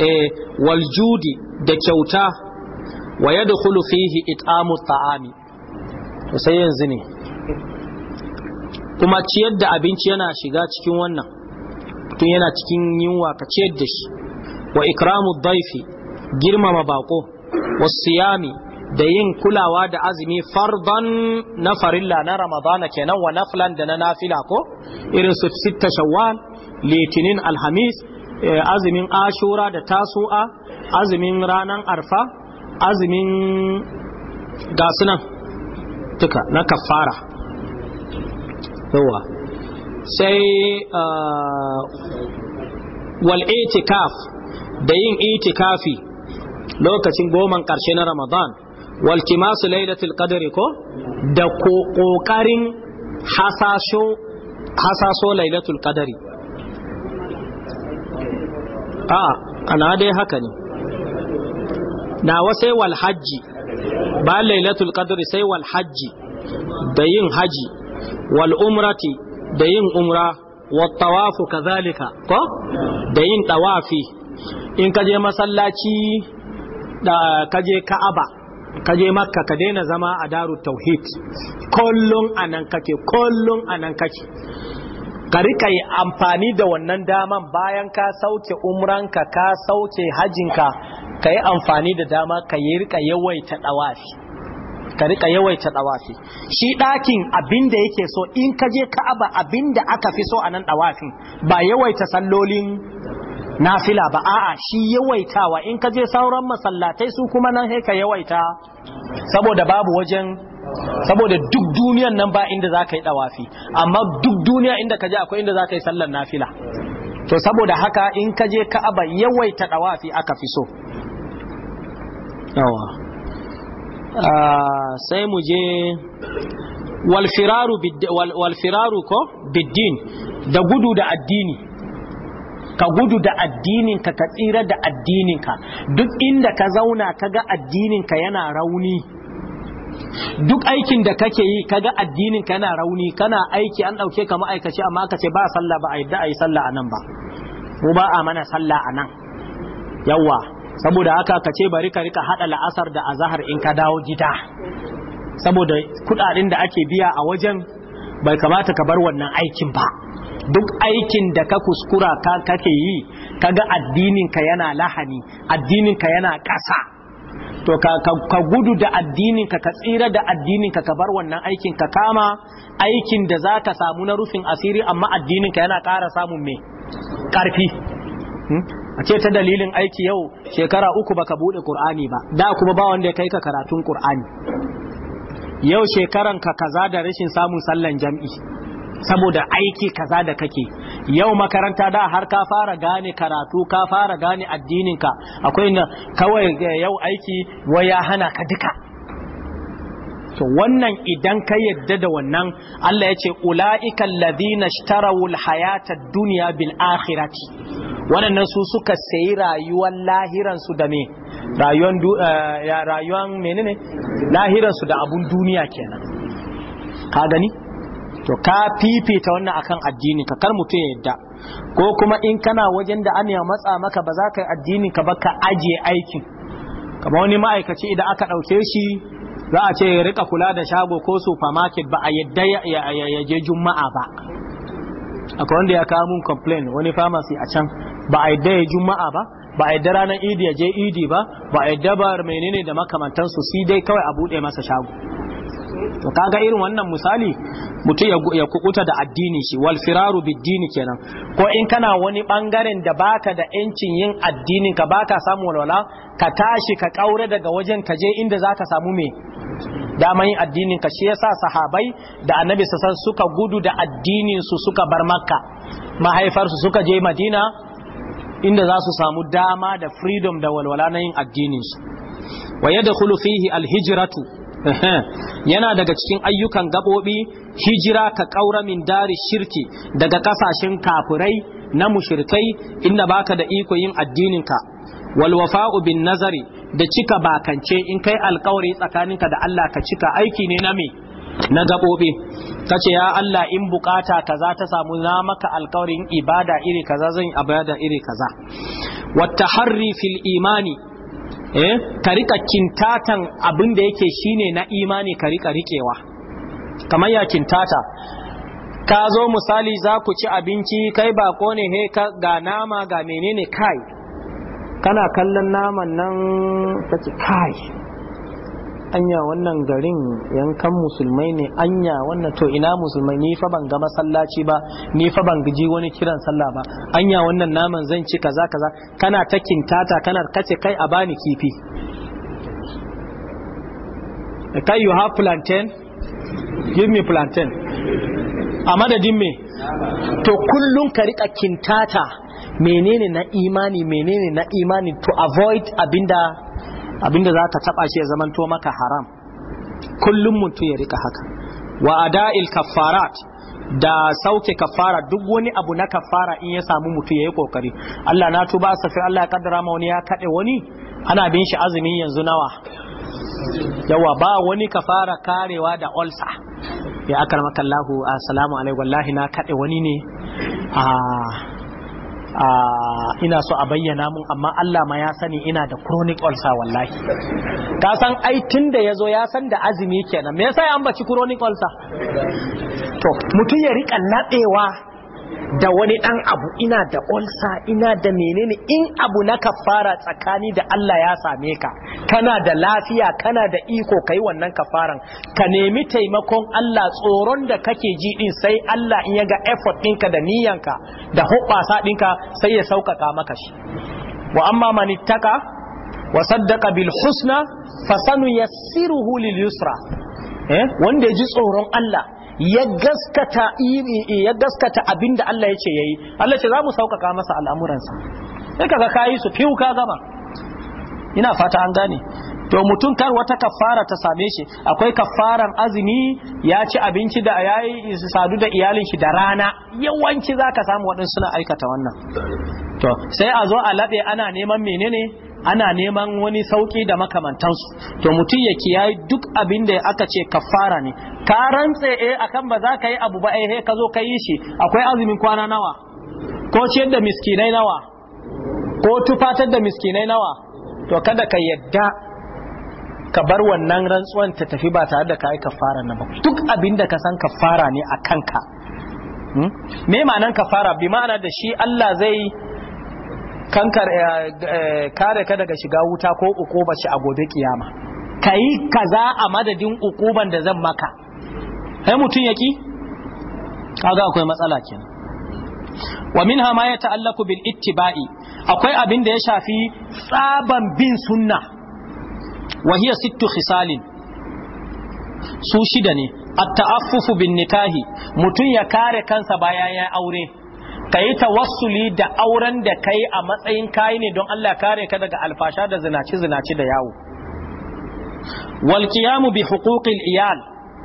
eh, Waljudi da kyauta wa yadkhulu fihi it'amu ta'ami to sai yanzu ne kuma ciyar da abinci yana shiga cikin wannan tun yana cikin yunwa ka ciyar da shi wa ikramu daifi girmama bako Siyami da yin kulawa da azumi fardan na farilla na ramadana kenan wa naflan da na nafila ko irin su sitta shawwal litinin alhamis eh, azumin ashura da tasu'a azumin ranar arfa azumin gasunan na kafara yawa sai eh, walitikaf da yin itikafi lokacin goman ƙarshe na ramadan wal su lailatul qadri ko da ƙoƙarin hasaso hasaso lailatul qadri a ana dai haka ne na wasai wal hajji ba lailatul qadri sai wal hajji da yin haji wal umrati da yin umra wat tawafu kazalika ko da yin tawafi in kaje masallaci da kaje ka'aba kaje je makka ka daina zama a daru tauhid kullum anan kake kullum anan kake ka rika yi amfani da wannan daman bayan ka sauke umranka ka sauke hajinka ka yi amfani da dama ka yi rika yawaita ɗawafi ka rika yawaita ɗawafi shi ɗakin abinda yake so in ka je ka'aba abinda aka fi so a nan ɗawafin ba yawaita sallolin nafila ba a'a shi yawaitawa in ka je sauran masallatai su kuma nan haika yawaita saboda babu wajen saboda duk duniyan nan ba inda za ka yi dawafi amma duk duniya inda ka je akwai inda za ka yi sallar nafila to saboda haka in ka je ka'aba yawaita dawafi aka fi so ah, sai mu je walfiraru ko biddin da gudu da addini ka gudu da addinin ka ka tsira da addinin ka duk inda ka zauna ka kaga ka yana rauni duk aikin da kake yi ka ga addinin ka yana rauni kana aiki an dauke ka ma'aikaci amma ka ce ba salla ba a yadda ayi sallah anan ba mu ba a mana sallah anan yawa saboda haka ka ce bari ka rika hada la'asar da azahar in ka dawo gida saboda kudaden da ake biya a wajen bai kamata ka bar wannan aikin ba duk aikin da ka kuskura ka kake yi kaga addinin ka yana lahani addinin ka yana ƙasa to ka, gudu da addinin ka ka tsira da addinin ka ka bar wannan aikin ka kama aikin da za ka samu na rufin asiri amma addinin ka yana ƙara samun me ƙarfi hmm? a ce ta dalilin aiki yau shekara uku baka buɗe ƙur'ani ba da kuma ba wanda ya kai ka karatun ƙur'ani yau shekaran ka kaza da rashin samun sallan jam'i saboda aiki kaza da kake yau makaranta da har ka fara gane karatu ka fara gane addininka akwai na kawai yau aiki wai ya hana ka duka to wannan idan ka yadda da wannan Allah ya ce ula'ikal ladina ishtaraw dunya bil akhirati waɗannan su suka sayi rayuwar su da me rayuwan eh, menene lahiransu da abun duniya kenan ka gani to ka fifita wannan akan addini ka kar mutum ya yadda ko kuma in kana wajen da ana matsa maka ba za ka yi addini ka ba ka ajiye aikin kama wani ma'aikaci idan aka ɗauke shi za a ce ya rika kula da shago ko supermarket ba a yadda ya je juma'a ba akwai wanda ya kawo mun complain wani pharmacy a can ba a yadda ya juma'a ba ba a yadda ranar idi ya je idi ba ba a yadda ba menene da makamantansu si dai kawai a buɗe masa shago to kaga irin wannan misali mutum ya kukuta da addini shi wal firaru biddini kenan ko in kana wani bangaren da baka da yancin yin addinin ka baka samu walwala ka tashi ka kaure daga wajen ka je inda zaka samu me dama yin addinin ka shi yasa sahabai da annabi sassan suka gudu da addinin su suka bar makka mahaifarsu suka je madina inda za su samu dama da freedom da walwala na yin addinin su wa yadkhulu fihi alhijratu *laughs* yana daga cikin ayyukan gaɓoɓi hijira ka ƙaura min dari shirki daga ƙasashen kafurai na mushirkai inda baka da iko yin addininka walwafa'u bin nazari da cika bakance in kai alkawari tsakaninka da Allah ka cika aiki ne na me na gaɓoɓi ka ce ya Allah in bukata kaza ta samu na maka alƙawarin ibada iri kaza zan abada iri kaza wata harri fil imani eh ka rika kintatan abin da yake shine na imani ka rika rikewa kamar ya kintata ka zo misali za ku ci abinci kai bako ne he ga nama ga menene kai kana kallon naman nan ci kai anya wannan garin yankan musulmai ne anya wannan to ina musulmai ni fa ban ga masallaci ba ni fa ban ji wani kiran sallah ba anya wannan naman zan ci kaza kaza kana ta kintata kana kace kai a bani kifi kai you have plantain give me plantain a madadin me to kullum ka rika kintata menene na imani menene na imani to avoid abinda abinda za ka taba shi ya zamanto maka haram kullum mutum ya rika haka wa ada'il kaffarat da sauke kafara duk wani abu na kafara in ya samu mutum ya yi kokari Allah na tuba safi Allah ya kaddara ma wani ya kade wani ana bin shi azumi yanzu nawa yawa ba wani kafara karewa da olsa ya akramaka Allahu assalamu alaikum wallahi na kade wani ne a ah, ina so a bayyana mun amma Allah ma ya sani ina da chronic ulcer wallahi ka san ai tun da yazo ya san da azumi kenan me yasa ya ambaci chronic ulcer to mutum ya rika nadewa da wani ɗan abu ina da ulsa ina da menene in abu na kafara tsakani da Allah ya same ka kana da lafiya kana da iko kayi wannan kafaran ka nemi taimakon Allah tsoron da kake ji din sai Allah in ya ga effort ɗinka da niyanka da hubbasa ɗinka sai ya sauƙaƙa maka shi wa amma ittaka wa saddaqa bil husna fa sanuyassiruhu lil yusra eh wanda ya ji tsoron Allah ya gaskata abin da Allah ya ce ya yi. Allah ce za mu sauƙaƙa masa al'amuransa sai kaga kayi su fiu ka gama ina fata an gane to mutum kar wata kafara ta same shi akwai kafaran azumi ya ci abinci da ya yi sadu da iyalin shi da rana yawanci za ka samu waɗansu suna aikata wannan to sai a zo a labe ana neman menene ana neman wani sauki da makamantansu to mutum ya kiyaye duk abin da aka ce kafara ne ka rantse eh akan ba za ka yi abu ba eh ka zo ka yi shi akwai azumin kwana nawa ko ciyar da miskinai nawa ko tufatar da miskinai nawa to kada ka yadda ka bar wannan rantsuwan ta tafi ba tare da ka yi kafara na ba duk abin da ka san kafara ne a kanka hmm? me ma'anar kafara bi ma'ana da shi Allah zai kankar eh, eh, kare ka daga shiga wuta ko ukuba shi a gobe kiyama kai kaza a madadin ukuban da zan maka sai mutun yaki kaga akwai matsala kenan wa minha ma yata'allaqu bil ittiba'i akwai abin da ya shafi tsaban bin sunna wa hiya sittu khisalin su shida ne at-ta'affufu bin nikahi mutun ya kare kansa bayan ya aure ka yi tawassuli da auren da kai a matsayin kayi ne don Allah kare ka daga alfasha da zinaci-zinaci da yawo wal qiyamu bi huquqil iyal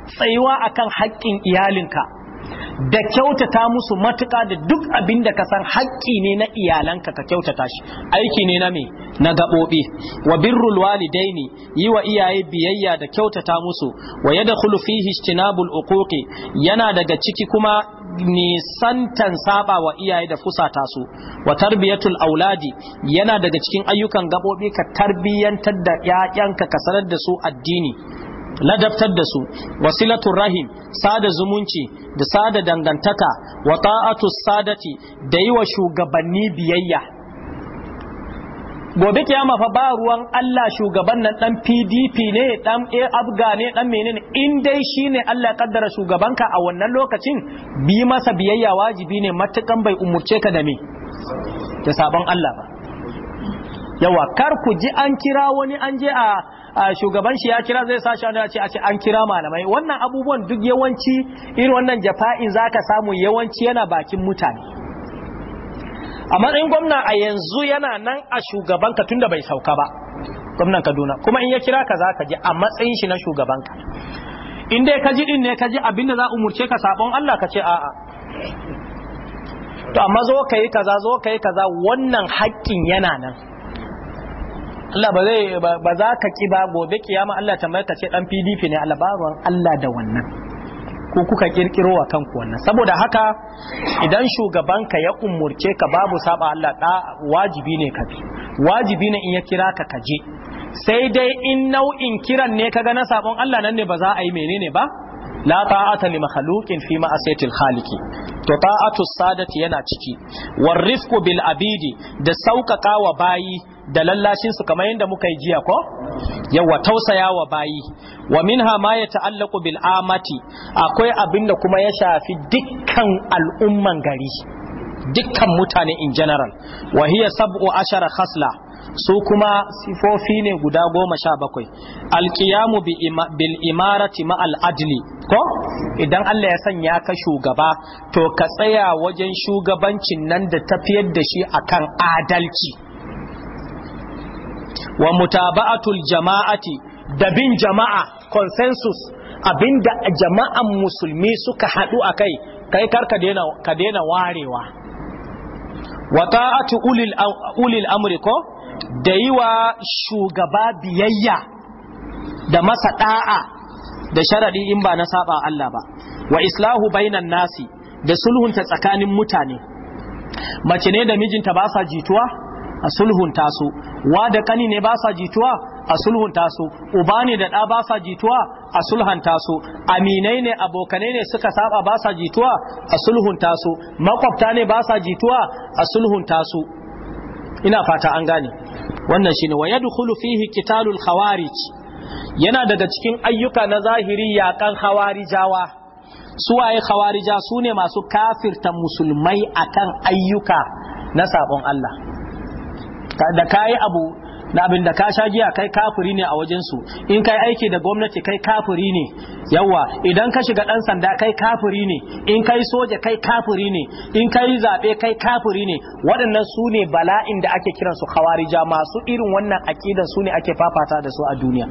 tsayuwa akan haƙƙin iyalinka da kyautata musu matuƙa da duk abin da ka san haƙƙi ne na iyalanka ka kyautata shi aiki ne na me na gaɓoɓi wa birrul walidaini yi wa iyaye biyayya da kyautata musu wa yadkhulu fihi ijtinabul uquqi yana daga ciki kuma nisantan saba wa iyaye da fusata su wa tarbiyatul auladi yana daga cikin ayyukan gabobi ka tarbiyantar da 'ya'yanka ka sanar da su addini ladabtar da su wasilatul rahim sada zumunci da sada dangantaka wa ta'atus sadati da yi wa shugabanni biyayya gobe kiyama fa ba ruwan Allah shugaban nan dan PDP ne dan AFGA ne dan menene in dai shine Allah ya kaddara shugabanka a wannan lokacin bi masa biyayya wajibi ne matukan bai umurce ka da me da sabon Allah ba yawa kar ku ji an kira wani an je a shugaban shi ya kira zai sa shi a ce a ce an kira malamai wannan abubuwan duk yawanci irin wannan jafa'in zaka samu yawanci yana bakin mutane Amma in gwamna a yanzu yana nan a shugabanka tunda bai sauka ba gwamnan kaduna kuma in ya kira ka za ka ji a matsayin shi na shugabanka in dai ka ji din ne ka ji abinda za umurce ka sabon Allah ka ce a'a to amma zo ka yi kaza zo ka yi kaza wannan haƙƙin yana nan Allah ba zai ba za ka ki ba gobe kiyama Allah ta ka ce dan PDP ne Allah Allah da wannan ko kuka kirkiro wa kanku wannan saboda haka idan shugaban ka ya umurce ka babu saba Allah da wajibi ne ka bi wajibi ne in ya kira ka kaje sai dai in nau'in kiran ne kaga na sabon Allah nan ne ba za a yi menene ba la ta'ata li makhluqin fi ma'asiyatil khaliqi to ta'atu sadati yana ciki war rifqu bil abidi da sauƙaƙa wa bayi da lallashin su kamar yadda muka yi jiya ko yawa tausaya wa bayi wa minha ma yata'allaqu Bil'amati amati akwai abinda kuma ya shafi dukkan al'umman gari dukkan mutane in general wa hiya sab'u ashara khasla su kuma sifofi ne guda goma sha bakwai alkiyamu bil imarati ma al'adli ko idan Allah ya sanya ka shugaba to ka tsaya wajen shugabancin nan da tafiyar da shi akan adalci wa mutaba'atul jama'ati da bin jama'a consensus abinda jama'an musulmi suka haɗu a kai kai kar ka daina warewa wa ta'atu ulil amri ko da yi wa shugaba biyayya da masa da'a da sharadi in ba na saba Allah ba wa islahu bainan nasi da sulhunta tsakanin mutane mace ne da mijinta ba sa jituwa a sulhunta su wa da kani ne ba sa jituwa a sulhunta su uba ne da ɗa ba sa jituwa a sulhunta su aminai ne abokanai ne suka saba ba sa jituwa a sulhunta su makwabta ne ba sa jituwa a sulhunta su ina fata an gane wannan shi ne wa dukulu fihi kitalul khawarij yana daga cikin ayyuka na zahiri yakan khawarijawa suwaye khawarija ne masu kafirta musulmai akan ayyuka na sabon Allah da kayi abu Da abin da ka sha giya kai kafuri ne a wajen su in kai aiki da gwamnati kai kafiri ne yawa idan ka shiga ɗan sanda kai kafuri ne in kai soja kai kafiri ne in kai zaɓe kai kafuri ne waɗannan su ne bala'in da ake kiransu khawarija masu irin wannan aƙidan su ne ake fafata da su a duniya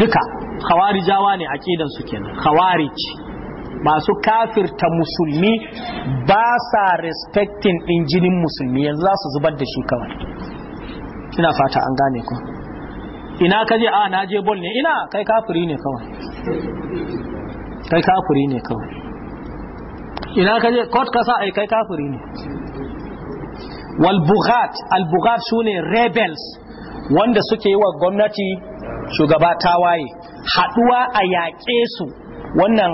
duka khawarijawa ne aƙidan su kenan khawarij masu kafirta musulmi ba sa respecting injinin musulmi yanzu za su zubar da shi kawai ina fata an gane ku ina ka je a na je bol ne ina kai kafiri ne kawai kai kafiri ne kawai ina ka je kot ka sa ai kai kafiri ne wal bughat al bughat sune rebels wanda suke yi wa gwamnati shugaba tawaye haduwa a yaƙe su wannan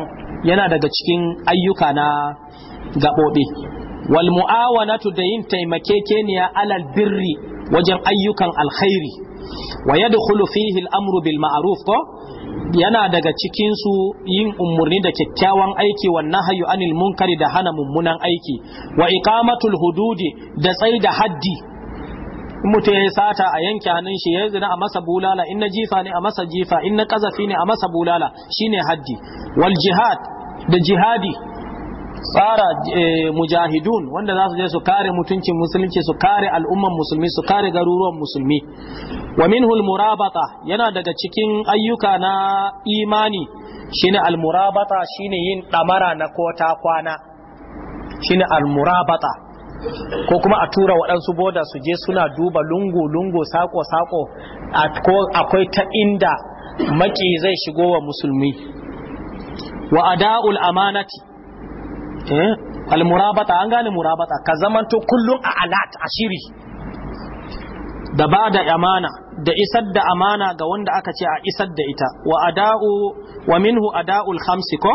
yana daga cikin ayyuka na gaɓoɓi wal mu'awanatu da yin taimakekeniya alal birri wajen ayyukan alkhairi wa yadkhulu fihi amru bil ma'ruf ko yana daga cikin su yin umurni da kyakkyawan aiki wa nahyu anil munkari da hana mummunan aiki wa iqamatul hududi da tsaida da haddi mutum ya sata a yanke hannun shi ya zina a masa bulala in na jifa ne a masa jifa in na kazafi ne a masa bulala shine haddi wal jihad da jihadi tsara eh, mujahidun wanda za su je su kare mutuncin musulunci su kare al'umman musulmi su kare garuruwan musulmi wa minhul murabata yana daga cikin ayyuka na imani shine al-murabata shine yin damara na kota kwana shine al-murabata ko kuma a tura waɗansu boda su je suna duba lungu lungu sako sako akwai ta inda maki zai shigo wa musulmi wa ada'ul amanati eh almurabata an gane murabata ka zamanto kullum a alat ashiri da ba da amana da isar da amana ga wanda aka ce a isar da ita wa ada'u wa minhu ada'ul khamsi ko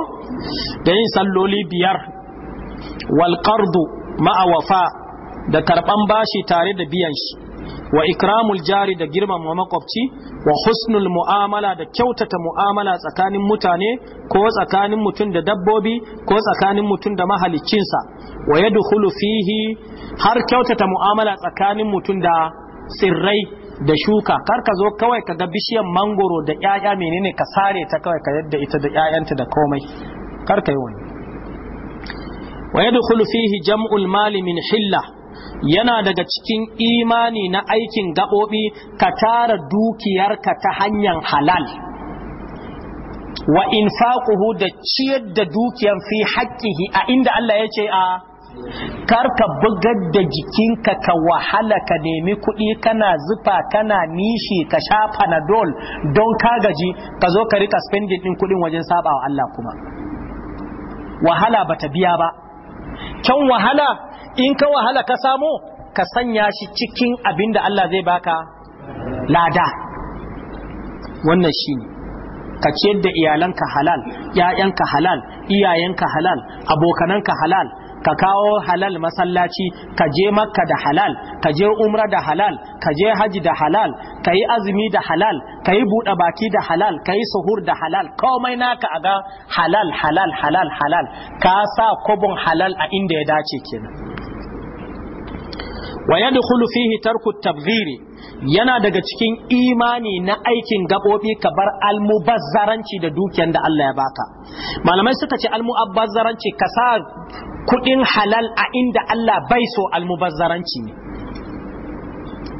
da yin salloli biyar wal qardu ma'a wafa da karban bashi tare da biyan shi wa ikramul jari da girmama makwabci wa husnul mu'amala da kyautata mu'amala tsakanin mutane ko tsakanin mutum da dabbobi ko tsakanin mutum da mahaliccinsa wa yadkhulu fihi har kyautata mu'amala tsakanin mutum da tsirrai da shuka kar ka zo kawai ka ga bishiyar mangoro da ƴaƴa menene ka sare ta kawai ka yadda ita da 'ya'yanta da komai kar ka yi wani wa yadkhulu fihi jam'ul mali min hillah yana daga cikin imani na aikin gaɓoɓi ka tara dukiyarka ta hanyar halal wa infaquhu da ciyar da dukiyar fi haƙƙihi a inda Allah ya ce a karka bugar da jikinka ka wahala ka nemi kuɗi kana zufa kana nishi ka sha panadol don ka gaji ka zo ka rika spending ɗin kuɗin wajen sabawa Allah kuma wahala bata biya ba cikakken wahala in ka wahala ka samo ka sanya shi cikin abin da Allah zai baka lada wannan shi ne ka ciyar da iyalanka halal ‘ya'yanka halal iyayenka halal abokananka halal ka kawo halal masallaci ka je makka da halal ka je umra da halal ka je haji da halal ka yi azumi da halal ka yi buɗe baki da halal ka yi suhur da halal komai naka a ga halal halal halal halal ka sa kobon halal a inda ya dace kenan wa yadkhulu fihi tarku tabghiri yana daga cikin imani na aikin gaɓoɓi ka bar almubazzaranci da dukiyar da Allah ya baka malamai suka ce almubazzaranci ka sa kuɗin halal a inda Allah bai so almubazzaranci ne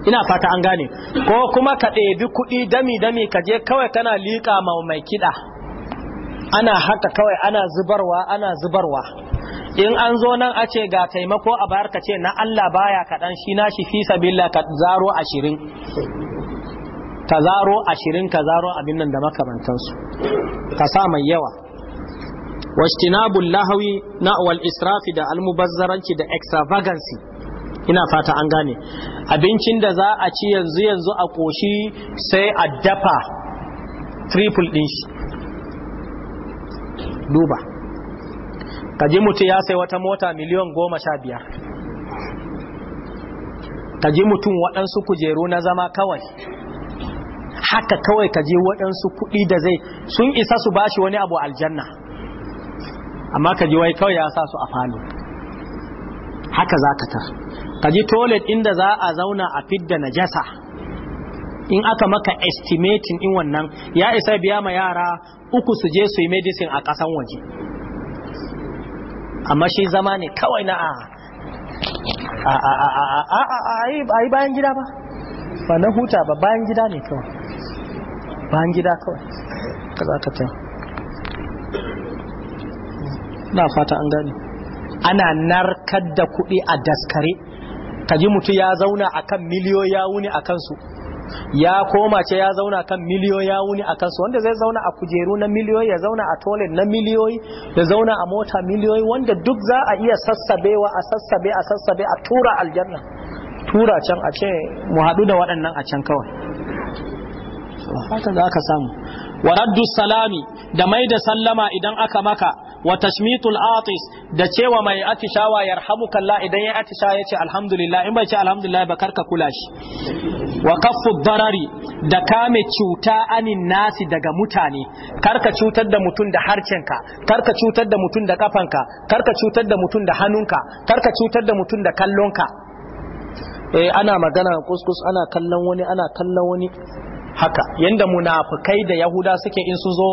ina fata an gane ko kuma ka ɗebi kuɗi dami-dami ka je kawai kana liƙa mai kiɗa ana haka kawai ana zubarwa ana zubarwa in an zo nan a ce ga taimako a bayar ka ce na Allah baya kaɗan shi na shi fi sabilla ka zaro ashirin ka zaro ashirin ka zaro abin nan da makamantansu ka sa mai yawa washtinabul lahawi na wal israfi da almubazzaranci da extravagancy ina fata an gane abincin da za a ci yanzu yanzu a koshi sai a dafa triple din shi duba ka ji mutum ya sai wata mota miliyon goma sha biyar ka ji mutum waɗansu kujeru na zama kawai haka kawai ka ji waɗansu kuɗi da zai sun isa su bashi wani abu aljanna amma ka ji wai kawai ya sa su a falo haka za ka tar ka ji toilet inda za a zauna a fidda najasa in aka maka estimatin in wannan ya isa biya ma yara uku su je su yi medicine a ƙasan waje amma shi zama ne kawai na a a yi bayan gida ba ba na huta ba bayan gida ne kawai bayan gida kawai ka za ka ta na fata an gani ana narkar da kuɗi a daskare ji mutu ya zauna akan miliyoyi ya wuni a kansu ya koma ce ya zauna kan miliyoyi ya wuni a kansu wanda zai zauna a kujeru na miliyoyi ya zauna a toilet na miliyoyi ya zauna a mota miliyoyi wanda duk za a iya sassabewa a sassabe a sassabe a tura aljanna tura can a ce mu haɗu da waɗannan a can kawai haka za ka samu wa raddu salami da mai da sallama idan aka maka wa tashmitul atis da cewa mai atishawa yarhamuka Allah idan ya atisha ya ce alhamdulillah in bai ce alhamdulillah ba karka kula shi wa kaffu darari da kame cuta anin nasi daga mutane karka cutar da mutum da harcenka karka cutar da mutum da kafanka karka cutar da mutum da hannunka karka cutar da mutum da kallonka eh ana magana kuskus ana kallon wani ana kallon wani haka yanda munafikai da yahuda suke in su zo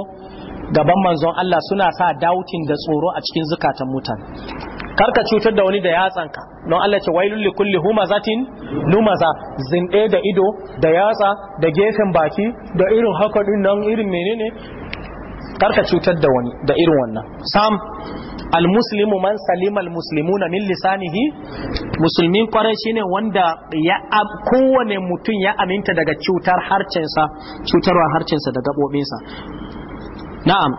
gaban manzon Allah suna sa dautin da tsoro a cikin zukatan mutan karka cutar da wani da yatsanka don Allah ce wailul likulli humazatin numaza zinde da ido da yatsa da gefen baki da irin haka din nan irin menene karka cutar da wani da irin wannan sam al muslimu man salima muslimuna min lisanihi musulmin kwarai shine wanda ya kowane mutum ya aminta daga cutar harcensa cutarwa harcensa da gabobinsa na'am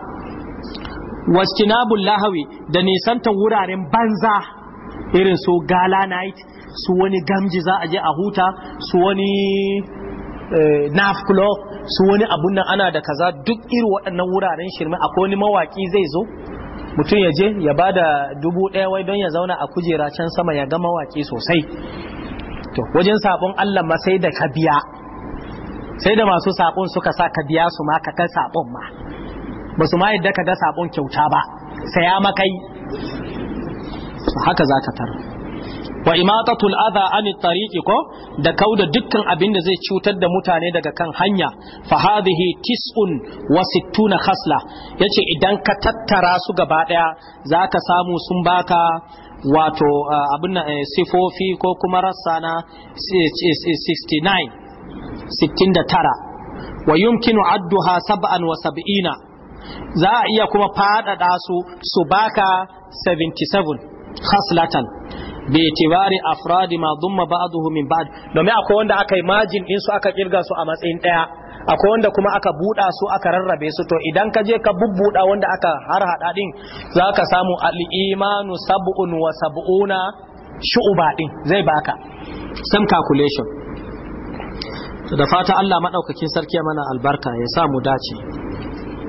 wastinabul lahawi da nisantan wuraren banza irin su gala night su wani gamji za a je a huta su wani eh, naf su wani abun nan ana da kaza duk irin waɗannan wuraren shirme akwai wani mawaki zai zo mutum ya je ya ba da dubu ɗaya wai don ya zauna a kujera can sama ya ga mawaki sosai to wajen sabon Allah ma sai da ka biya sai da masu sabon suka sa ka biya su ma ka kai sabon ma ba su ma yadda ka ga sabon kyauta ba saya makai haka za ka tara wa imatatul adha an tariqi ko da kauda dukkan abin da zai cutar da mutane daga kan hanya fa hadhihi tis'un wa sittuna khasla yace idan ka tattara su gaba daya zaka samu sun baka wato abin eh, sifofi ko kuma rassa na 69 69 wa yumkinu adduha sab'an wa sab'ina za a iya kuma faɗaɗa su su baka 77 khaslatan bi itibari afradi ma dhumma ba'dahu min ba'd domin akwai wanda aka yi majin din su aka kirga su a matsayin daya akwai wanda kuma aka buɗa su aka rarrabe su to idan ka je ka bubbuɗa wanda aka harhaɗa din zaka ka samu Imanu sab'un wa sab'una shu'uba din zai baka some calculation da fata Allah maɗaukakin sarki mana albarka ya sa mu dace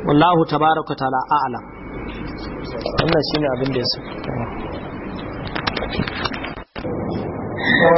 wallahu tabaraka ta'ala a'lam wannan shine abin da ya